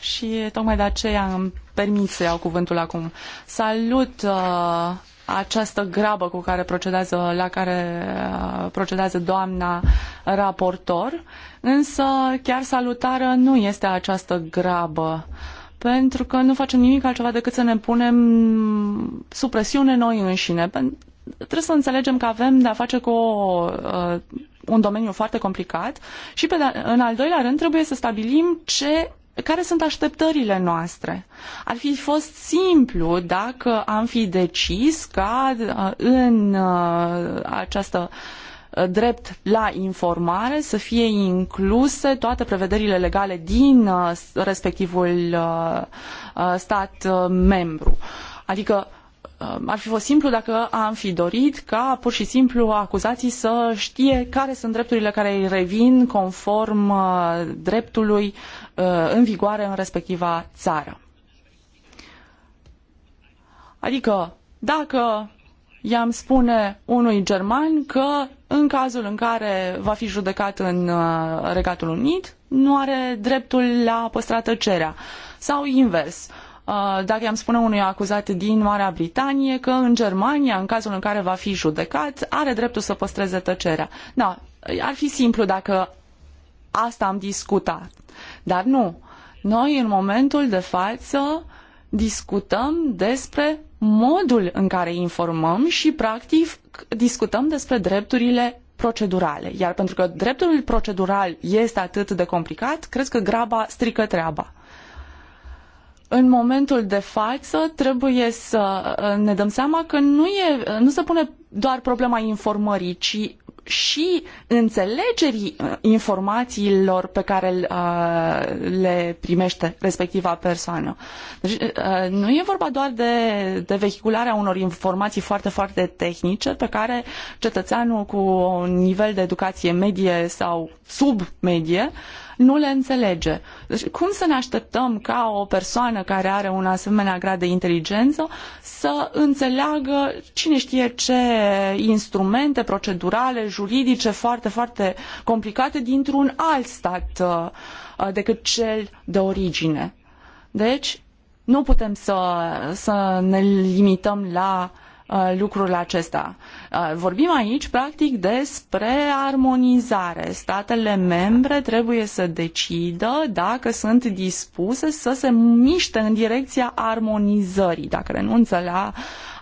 C: Și tocmai de aceea îmi permit să iau cuvântul acum. Salut uh, această grabă cu care procedează, la care uh, procedează doamna raportor, însă chiar salutară nu este această grabă pentru că nu facem nimic altceva decât să ne punem sub presiune noi înșine. Trebuie să înțelegem că avem de-a face cu o, uh, un domeniu foarte complicat și, pe, în al doilea rând, trebuie să stabilim ce care sunt așteptările noastre. Ar fi fost simplu dacă am fi decis ca uh, în uh, această uh, drept la informare să fie incluse toate prevederile legale din respectivul stat membru. Adică ar fi fost simplu dacă am fi dorit ca pur și simplu acuzații să știe care sunt drepturile care îi revin conform dreptului uh, Uh, în vigoare în respectiva țară. Adică, dacă i-am spune unui german că în cazul în care va fi judecat în uh, Regatul Unit, nu are dreptul la păstrată cerea. Sau invers, uh, dacă i-am spune unui acuzat din Marea Britanie că în Germania, în cazul în care va fi judecat, are dreptul să păstreze tăcerea. Da, ar fi simplu dacă asta am discutat. Dar nu, noi în momentul de față discutăm despre modul în care informăm și practic discutăm despre drepturile procedurale. Iar pentru că dreptul procedural este atât de complicat, cred că graba strică treaba în momentul de față trebuie să uh, ne dăm seama că nu, e, nu se pune doar problema informării, ci și înțelegerii uh, informațiilor pe care uh, le primește respectiva persoană. Deci, uh, nu e vorba doar de, de vehicularea unor informații foarte, foarte tehnice pe care cetățeanul cu un nivel de educație medie sau sub medie nu le înțelege. Deci cum să ne așteptăm ca o persoană care are un asemenea grad de inteligență să înțeleagă cine știe ce instrumente procedurale, juridice foarte, foarte complicate dintr-un alt stat uh, uh, decât cel de origine. Deci, nu putem să, să ne limităm la uh, Uh, lucrul acesta. Uh, vorbim aici, practic, despre armonizare. Statele membre trebuie să decidă dacă sunt dispuse să se miște în direcția armonizării, dacă renunță la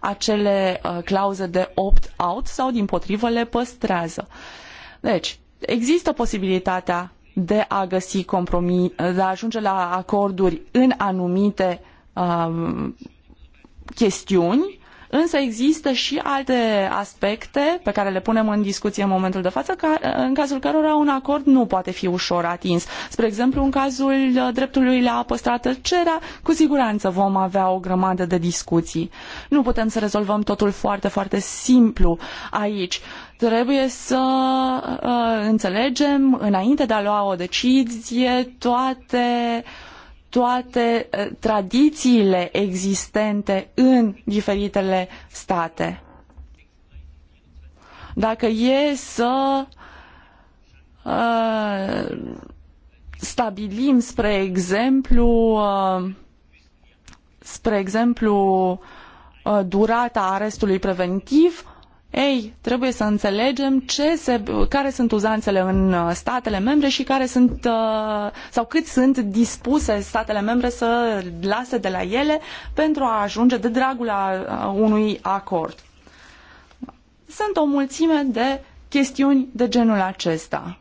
C: acele uh, clauze de opt-out sau, din potrivă, le păstrează. Deci, există posibilitatea de a găsi compromis, de a ajunge la acorduri în anumite uh, chestiuni, Însă există și alte aspecte pe care le punem în discuție în momentul de față, ca, în cazul cărora un acord nu poate fi ușor atins. Spre exemplu, în cazul uh, dreptului la apă cerea, cu siguranță vom avea o grămadă de discuții. Nu putem să rezolvăm totul foarte, foarte simplu aici trebuie să uh, înțelegem înainte de a lua o decizie toate uh, toate eh, tradițiile existente în diferitele state. Dacă e să uh, stabilim, spre exemplu, uh, spre exemplu, uh, durata arestului preventiv, ei, trebuie să înțelegem ce se, care sunt uzanțele în uh, statele membre și care sunt uh, sau cât sunt dispuse statele membre să lase de la ele pentru a ajunge de dragul a uh, unui acord. Sunt o mulțime de chestiuni de genul acesta.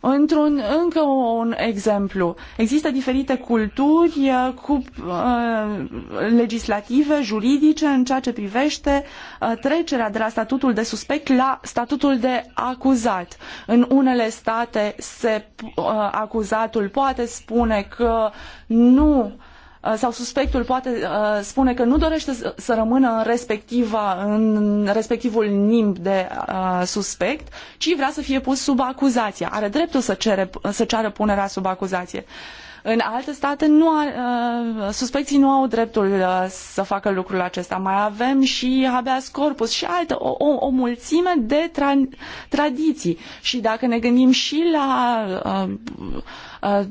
C: Într-un încă un exemplu, există diferite culturi uh, cu uh, legislative, juridice în ceea ce privește uh, trecerea de la statutul de suspect la statutul de acuzat. În unele state se uh, acuzatul poate spune că nu Uh, sau suspectul poate uh, spune că nu dorește să, să rămână în, respectiva, în respectivul nimb de uh, suspect, ci vrea să fie pus sub acuzație. Are dreptul să, cere, să ceară punerea sub acuzație. În alte state nu uh, suspecții nu au dreptul uh, să facă lucrul acesta. Mai avem și habeas corpus și alte, o, o, o mulțime de tra- tradiții. Și dacă ne gândim și la uh, uh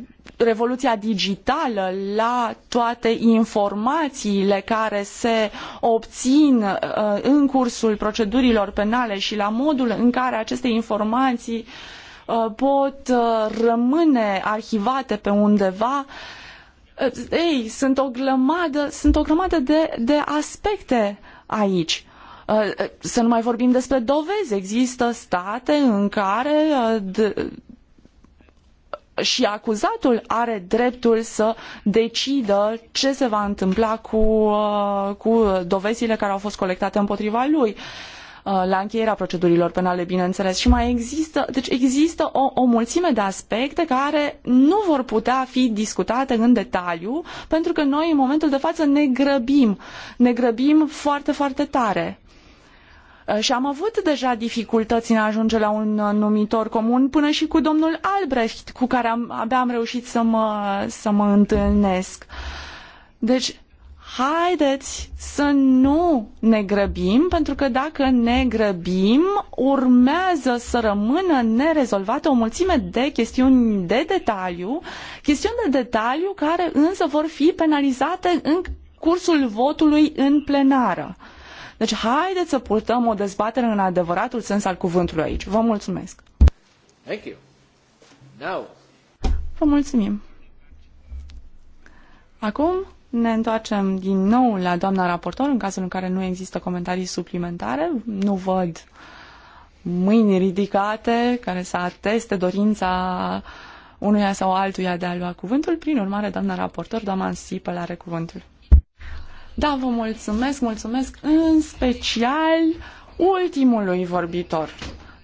C: revoluția digitală, la toate informațiile care se obțin uh, în cursul procedurilor penale și la modul în care aceste informații uh, pot uh, rămâne arhivate pe undeva, ei, sunt o grămadă, sunt o grămadă de, de aspecte aici. Să nu mai vorbim despre dovezi. Există state în care și acuzatul are dreptul să decidă ce se va întâmpla cu, uh, cu dovezile care au fost colectate împotriva lui uh, la încheierea procedurilor penale, bineînțeles. Și mai există, deci există o, o mulțime de aspecte care nu vor putea fi discutate în detaliu, pentru că noi în momentul de față ne grăbim, ne grăbim foarte, foarte tare. Uh, și am avut deja dificultăți în a ajunge la un uh, numitor comun până și cu domnul Albrecht, cu care am, abia am reușit să mă, să mă întâlnesc. Deci, haideți să nu ne grăbim, pentru că dacă ne grăbim, urmează să rămână nerezolvate o mulțime de chestiuni de detaliu, chestiuni de detaliu care însă vor fi penalizate în cursul votului în plenară. Deci haideți să purtăm o dezbatere în adevăratul sens al cuvântului aici. Vă mulțumesc! Thank you. Now. Vă mulțumim! Acum ne întoarcem din nou la doamna raportor în cazul în care nu există comentarii suplimentare. Nu văd mâini ridicate care să ateste dorința unuia sau altuia de a lua cuvântul. Prin urmare, doamna raportor, doamna Sipel are cuvântul. Da, vă mulțumesc, mulțumesc în special ultimului vorbitor.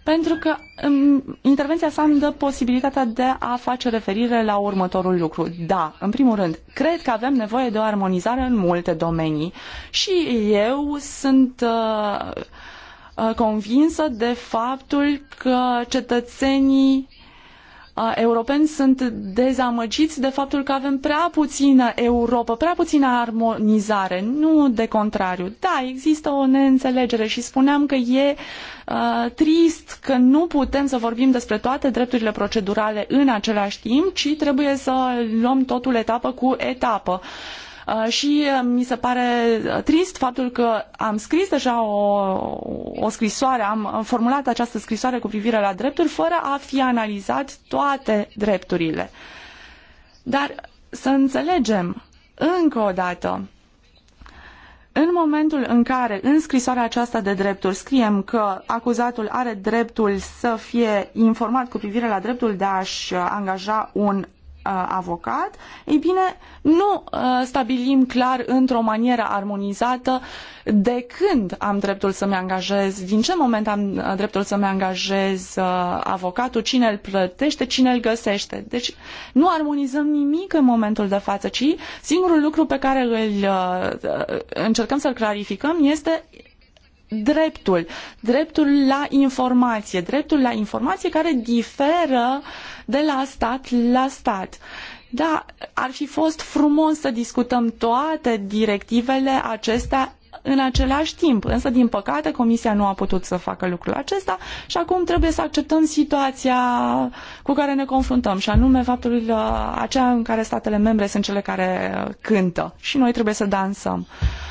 C: Pentru că în, mm, intervenția sa îmi dă posibilitatea de a face referire la următorul lucru. Da, în primul rând, cred că avem nevoie de o armonizare în multe domenii și eu sunt uh, uh convinsă de faptul că cetățenii europeni sunt dezamăgiți de faptul că avem prea puțină Europa, prea puțină armonizare, nu de contrariu. Da, există o neînțelegere și spuneam că e uh, trist că nu putem să vorbim despre toate drepturile procedurale în același timp, ci trebuie să luăm totul etapă cu etapă. Uh, Uh, și uh, mi se pare uh, trist faptul că am scris deja o, o scrisoare, am formulat această scrisoare cu privire la drepturi fără a fi analizat toate drepturile. Dar să înțelegem încă o dată în momentul în care în scrisoarea aceasta de drepturi scriem că acuzatul are dreptul să fie informat cu privire la dreptul de a-și angaja un Uh, avocat, ei bine, nu uh, stabilim clar într-o manieră armonizată de când am dreptul să-mi angajez, din ce moment am uh, dreptul să-mi angajez avocatul, cine îl plătește, cine îl găsește. Deci nu armonizăm nimic în momentul de față, ci singurul lucru pe care îl încercăm să-l clarificăm este dreptul, dreptul la informație, dreptul la informație care diferă de la stat la stat. Da, ar fi fost frumos să discutăm toate directivele acestea în același timp, însă din păcate Comisia nu a putut să facă lucrul acesta și acum trebuie să acceptăm situația cu care ne confruntăm și anume faptul uh, aceea în care statele membre sunt cele care cântă și noi trebuie să dansăm.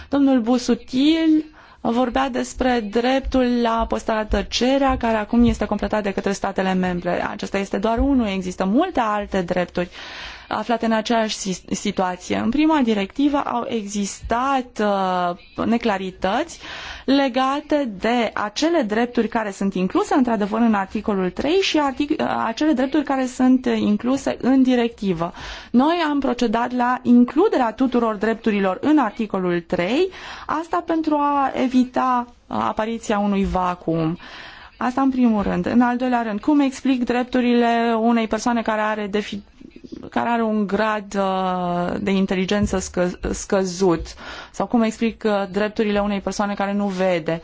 C: Domnul Busutil vorbea despre dreptul la păstrarea tăcerea, care acum este completat de către statele membre. Acesta este doar unul, există multe alte drepturi. Uh, aflate în aceeași situație. În prima directivă au existat uh, neclarități legate de acele drepturi care sunt incluse într-adevăr în articolul 3 și artic- uh, acele drepturi care sunt incluse în directivă. Noi am procedat la includerea tuturor drepturilor în articolul 3, asta pentru a evita uh, apariția unui vacuum. Asta în primul rând. În al doilea rând, cum explic drepturile unei persoane care are defi- care are un grad uh, de inteligență scă, scăzut sau cum explic uh, drepturile unei persoane care nu vede.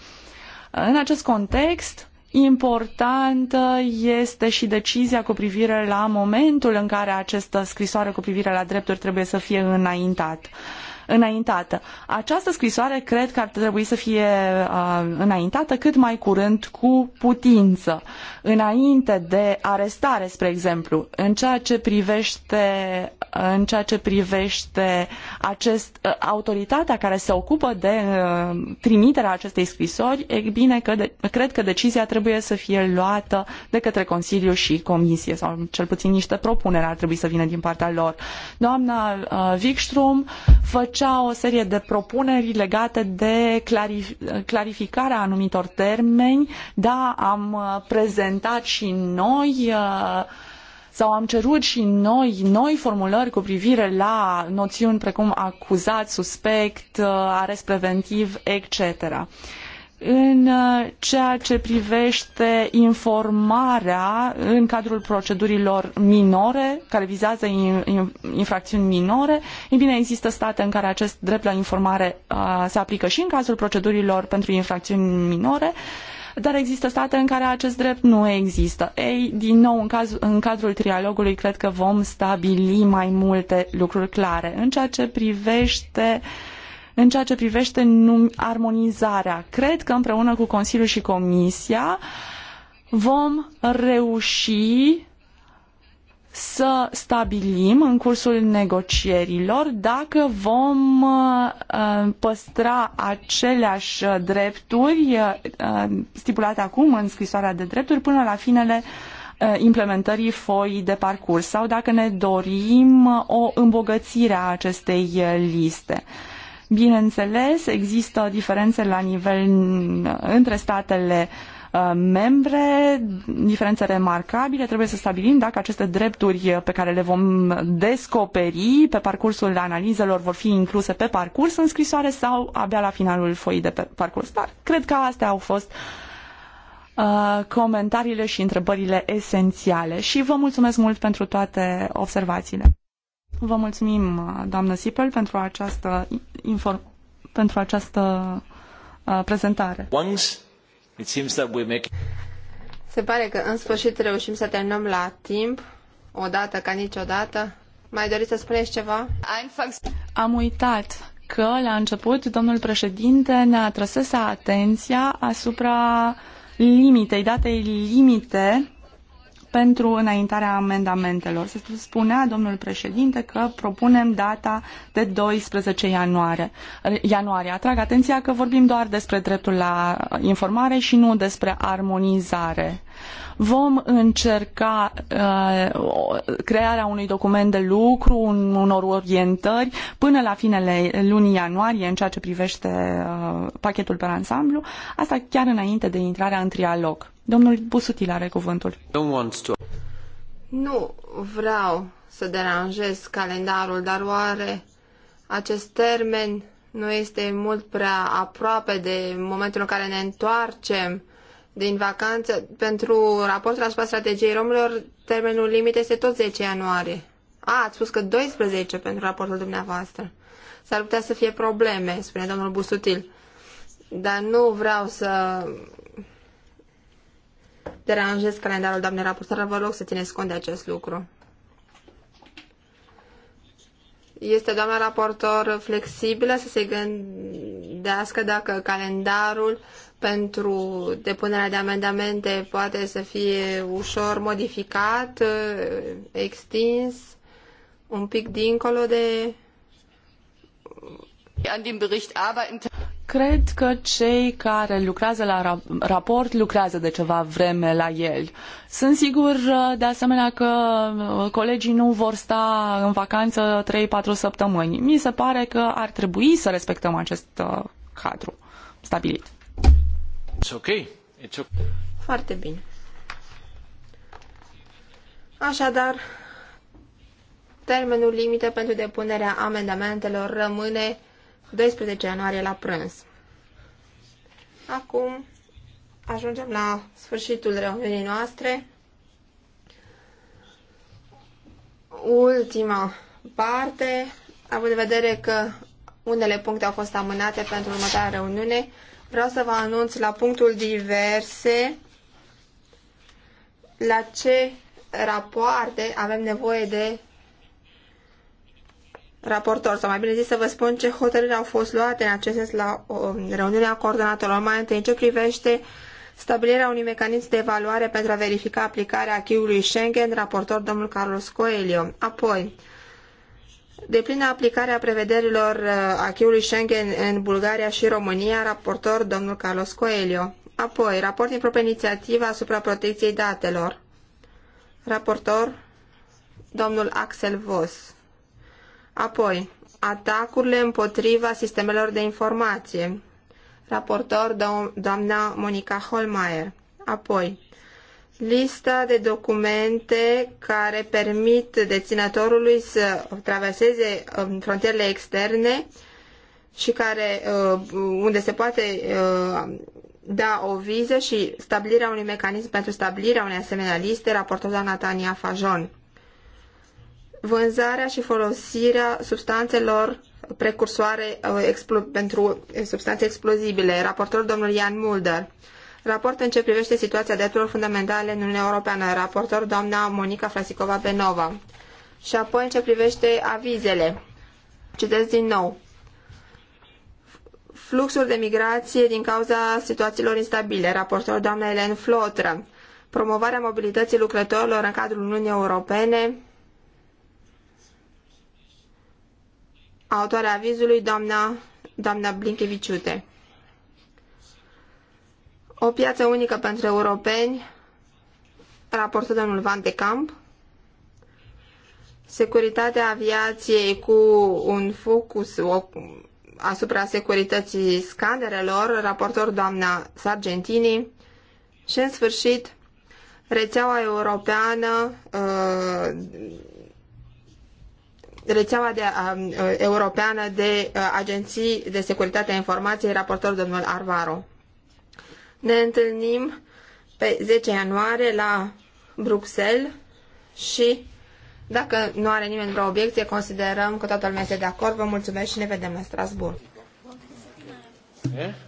C: În acest context, importantă este și decizia cu privire la momentul în care această scrisoare cu privire la drepturi trebuie să fie înaintată înaintată. Această scrisoare cred că ar trebui să fie uh, înaintată cât mai curând cu putință, înainte de arestare, spre exemplu, în ceea ce privește în ceea ce privește acest, uh, autoritatea care se ocupă de uh, trimiterea acestei scrisori, e bine că de, cred că decizia trebuie să fie luată de către Consiliu și Comisie sau cel puțin niște propuneri ar trebui să vină din partea lor. Doamna uh, Wikström făcea făcea o serie de propuneri legate de clarificarea anumitor termeni. Da, am uh, prezentat și noi uh, sau am cerut și noi noi formulări cu privire la noțiuni precum acuzat, suspect, uh, arest preventiv, etc în uh, ceea ce privește informarea în cadrul procedurilor minore, care vizează infracțiuni minore, e bine, există state în care acest drept la informare uh, se aplică și în cazul procedurilor pentru infracțiuni minore, dar există state în care acest drept nu există. Ei, din nou, în, caz, în cadrul trialogului, cred că vom stabili mai multe lucruri clare. În ceea ce privește uh, în ceea ce privește armonizarea. Cred că împreună cu Consiliul și Comisia vom reuși să stabilim în cursul negocierilor dacă vom uh, păstra aceleași drepturi uh, stipulate acum în scrisoarea de drepturi până la finele uh, implementării foii de parcurs sau dacă ne dorim o îmbogățire a acestei liste. Bineînțeles, există diferențe la nivel între statele uh, membre, diferențe remarcabile. Trebuie să stabilim dacă aceste drepturi uh, pe care le vom descoperi pe parcursul analizelor vor fi incluse pe parcurs în scrisoare sau abia la finalul foii de pe parcurs. Dar cred că astea au fost uh, comentariile și întrebările esențiale și vă mulțumesc mult pentru toate observațiile. Vă mulțumim, doamnă Sipel, pentru această, inform- pentru această uh, prezentare.
A: Se pare că în sfârșit reușim să terminăm la timp, o dată ca niciodată. Mai doriți să spuneți ceva?
C: Am uitat că la început domnul președinte ne a trăsese atenția asupra limitei, datei limite pentru înaintarea amendamentelor. Se spunea, domnul președinte, că propunem data de 12 ianuarie. ianuarie. Atrag atenția că vorbim doar despre dreptul la informare și nu despre armonizare. Vom încerca uh, crearea unui document de lucru, un, unor orientări până la finele lunii ianuarie în ceea ce privește uh, pachetul pe ansamblu, asta chiar înainte de intrarea în trialog. Domnul Busutil are cuvântul.
A: Nu vreau să deranjez calendarul, dar oare acest termen nu este mult prea aproape de momentul în care ne întoarcem din vacanță, pentru raportul asupra strategiei romilor, termenul limit este tot 10 ianuarie. A, ați spus că 12 pentru raportul dumneavoastră. S-ar putea să fie probleme, spune domnul Busutil. Dar nu vreau să deranjez calendarul doamnei raportoare, vă rog să țineți cont de acest lucru. Este doamna raportor flexibilă să se gândească dacă calendarul pentru depunerea de amendamente poate să fie ușor modificat, eh, extins, un pic dincolo de
C: Cred că cei care lucrează la raport lucrează de ceva vreme la el. Sunt sigur eh, de asemenea că eh, colegii nu vor sta în vacanță 3-4 săptămâni. Mi se pare că ar trebui să respectăm acest cadru stabilit.
A: It's okay. It's okay. Foarte bine. Așadar, termenul limită pentru depunerea amendamentelor rămâne 12 ianuarie la prânz. Acum ajungem la sfârșitul reuniunii noastre. Ultima parte, având în vedere că unele puncte au fost amânate pentru următoarea reuniune, Vreau să vă anunț la punctul diverse la ce rapoarte avem nevoie de raportor, sau mai bine zis să vă spun ce hotărâri au fost luate în acest sens la reuniunea coordonatorilor, mai întâi în ce privește stabilirea unui mecanism de evaluare pentru a verifica aplicarea acquis-ului Schengen, raportor domnul Carlos Coelho. Apoi, deplină aplicare a prevederilor uh, acquis Schengen în Bulgaria și România, raportor domnul Carlos Coelho. Apoi, raport din proprie inițiativă asupra protecției datelor. Raportor domnul Axel Voss. Apoi, atacurile împotriva sistemelor de informație. Raportor doamna Monica Holmeier. Apoi, lista de documente care permit deținătorului să traverseze um, frontierele externe și care, uh, unde se poate uh, da o viză și stabilirea unui mecanism pentru stabilirea unei asemenea liste, raportul doamna Tania Fajon. Vânzarea și folosirea substanțelor precursoare uh, pentru substanțe explozibile, raportor domnul Ian Mulder Raport în ce privește situația drepturilor fundamentale în Uniunea Europeană. Raportor doamna Monica Frasicova Benova. Și apoi în ce privește avizele. Citesc din nou. fluxul de migrație din cauza situațiilor instabile. Raportor doamna Elen Flotră. Promovarea mobilității lucrătorilor în cadrul Uniunii Europene. Autoarea avizului doamna, doamna Blinkeviciute. O piață unică pentru europeni, raportul domnul Van de Camp, securitatea aviației cu un focus asupra securității scanerelor, raportor doamna Sargentini, și în sfârșit rețeaua europeană uh, rețeaua de, uh, europeană de uh, agenții de securitate a informației, raportor domnul Arvaro. Ne întâlnim pe 10 ianuarie la Bruxelles și dacă nu are nimeni vreo obiecție, considerăm că toată lumea este de acord. Vă mulțumesc și ne vedem la Strasbourg.
B: Eh?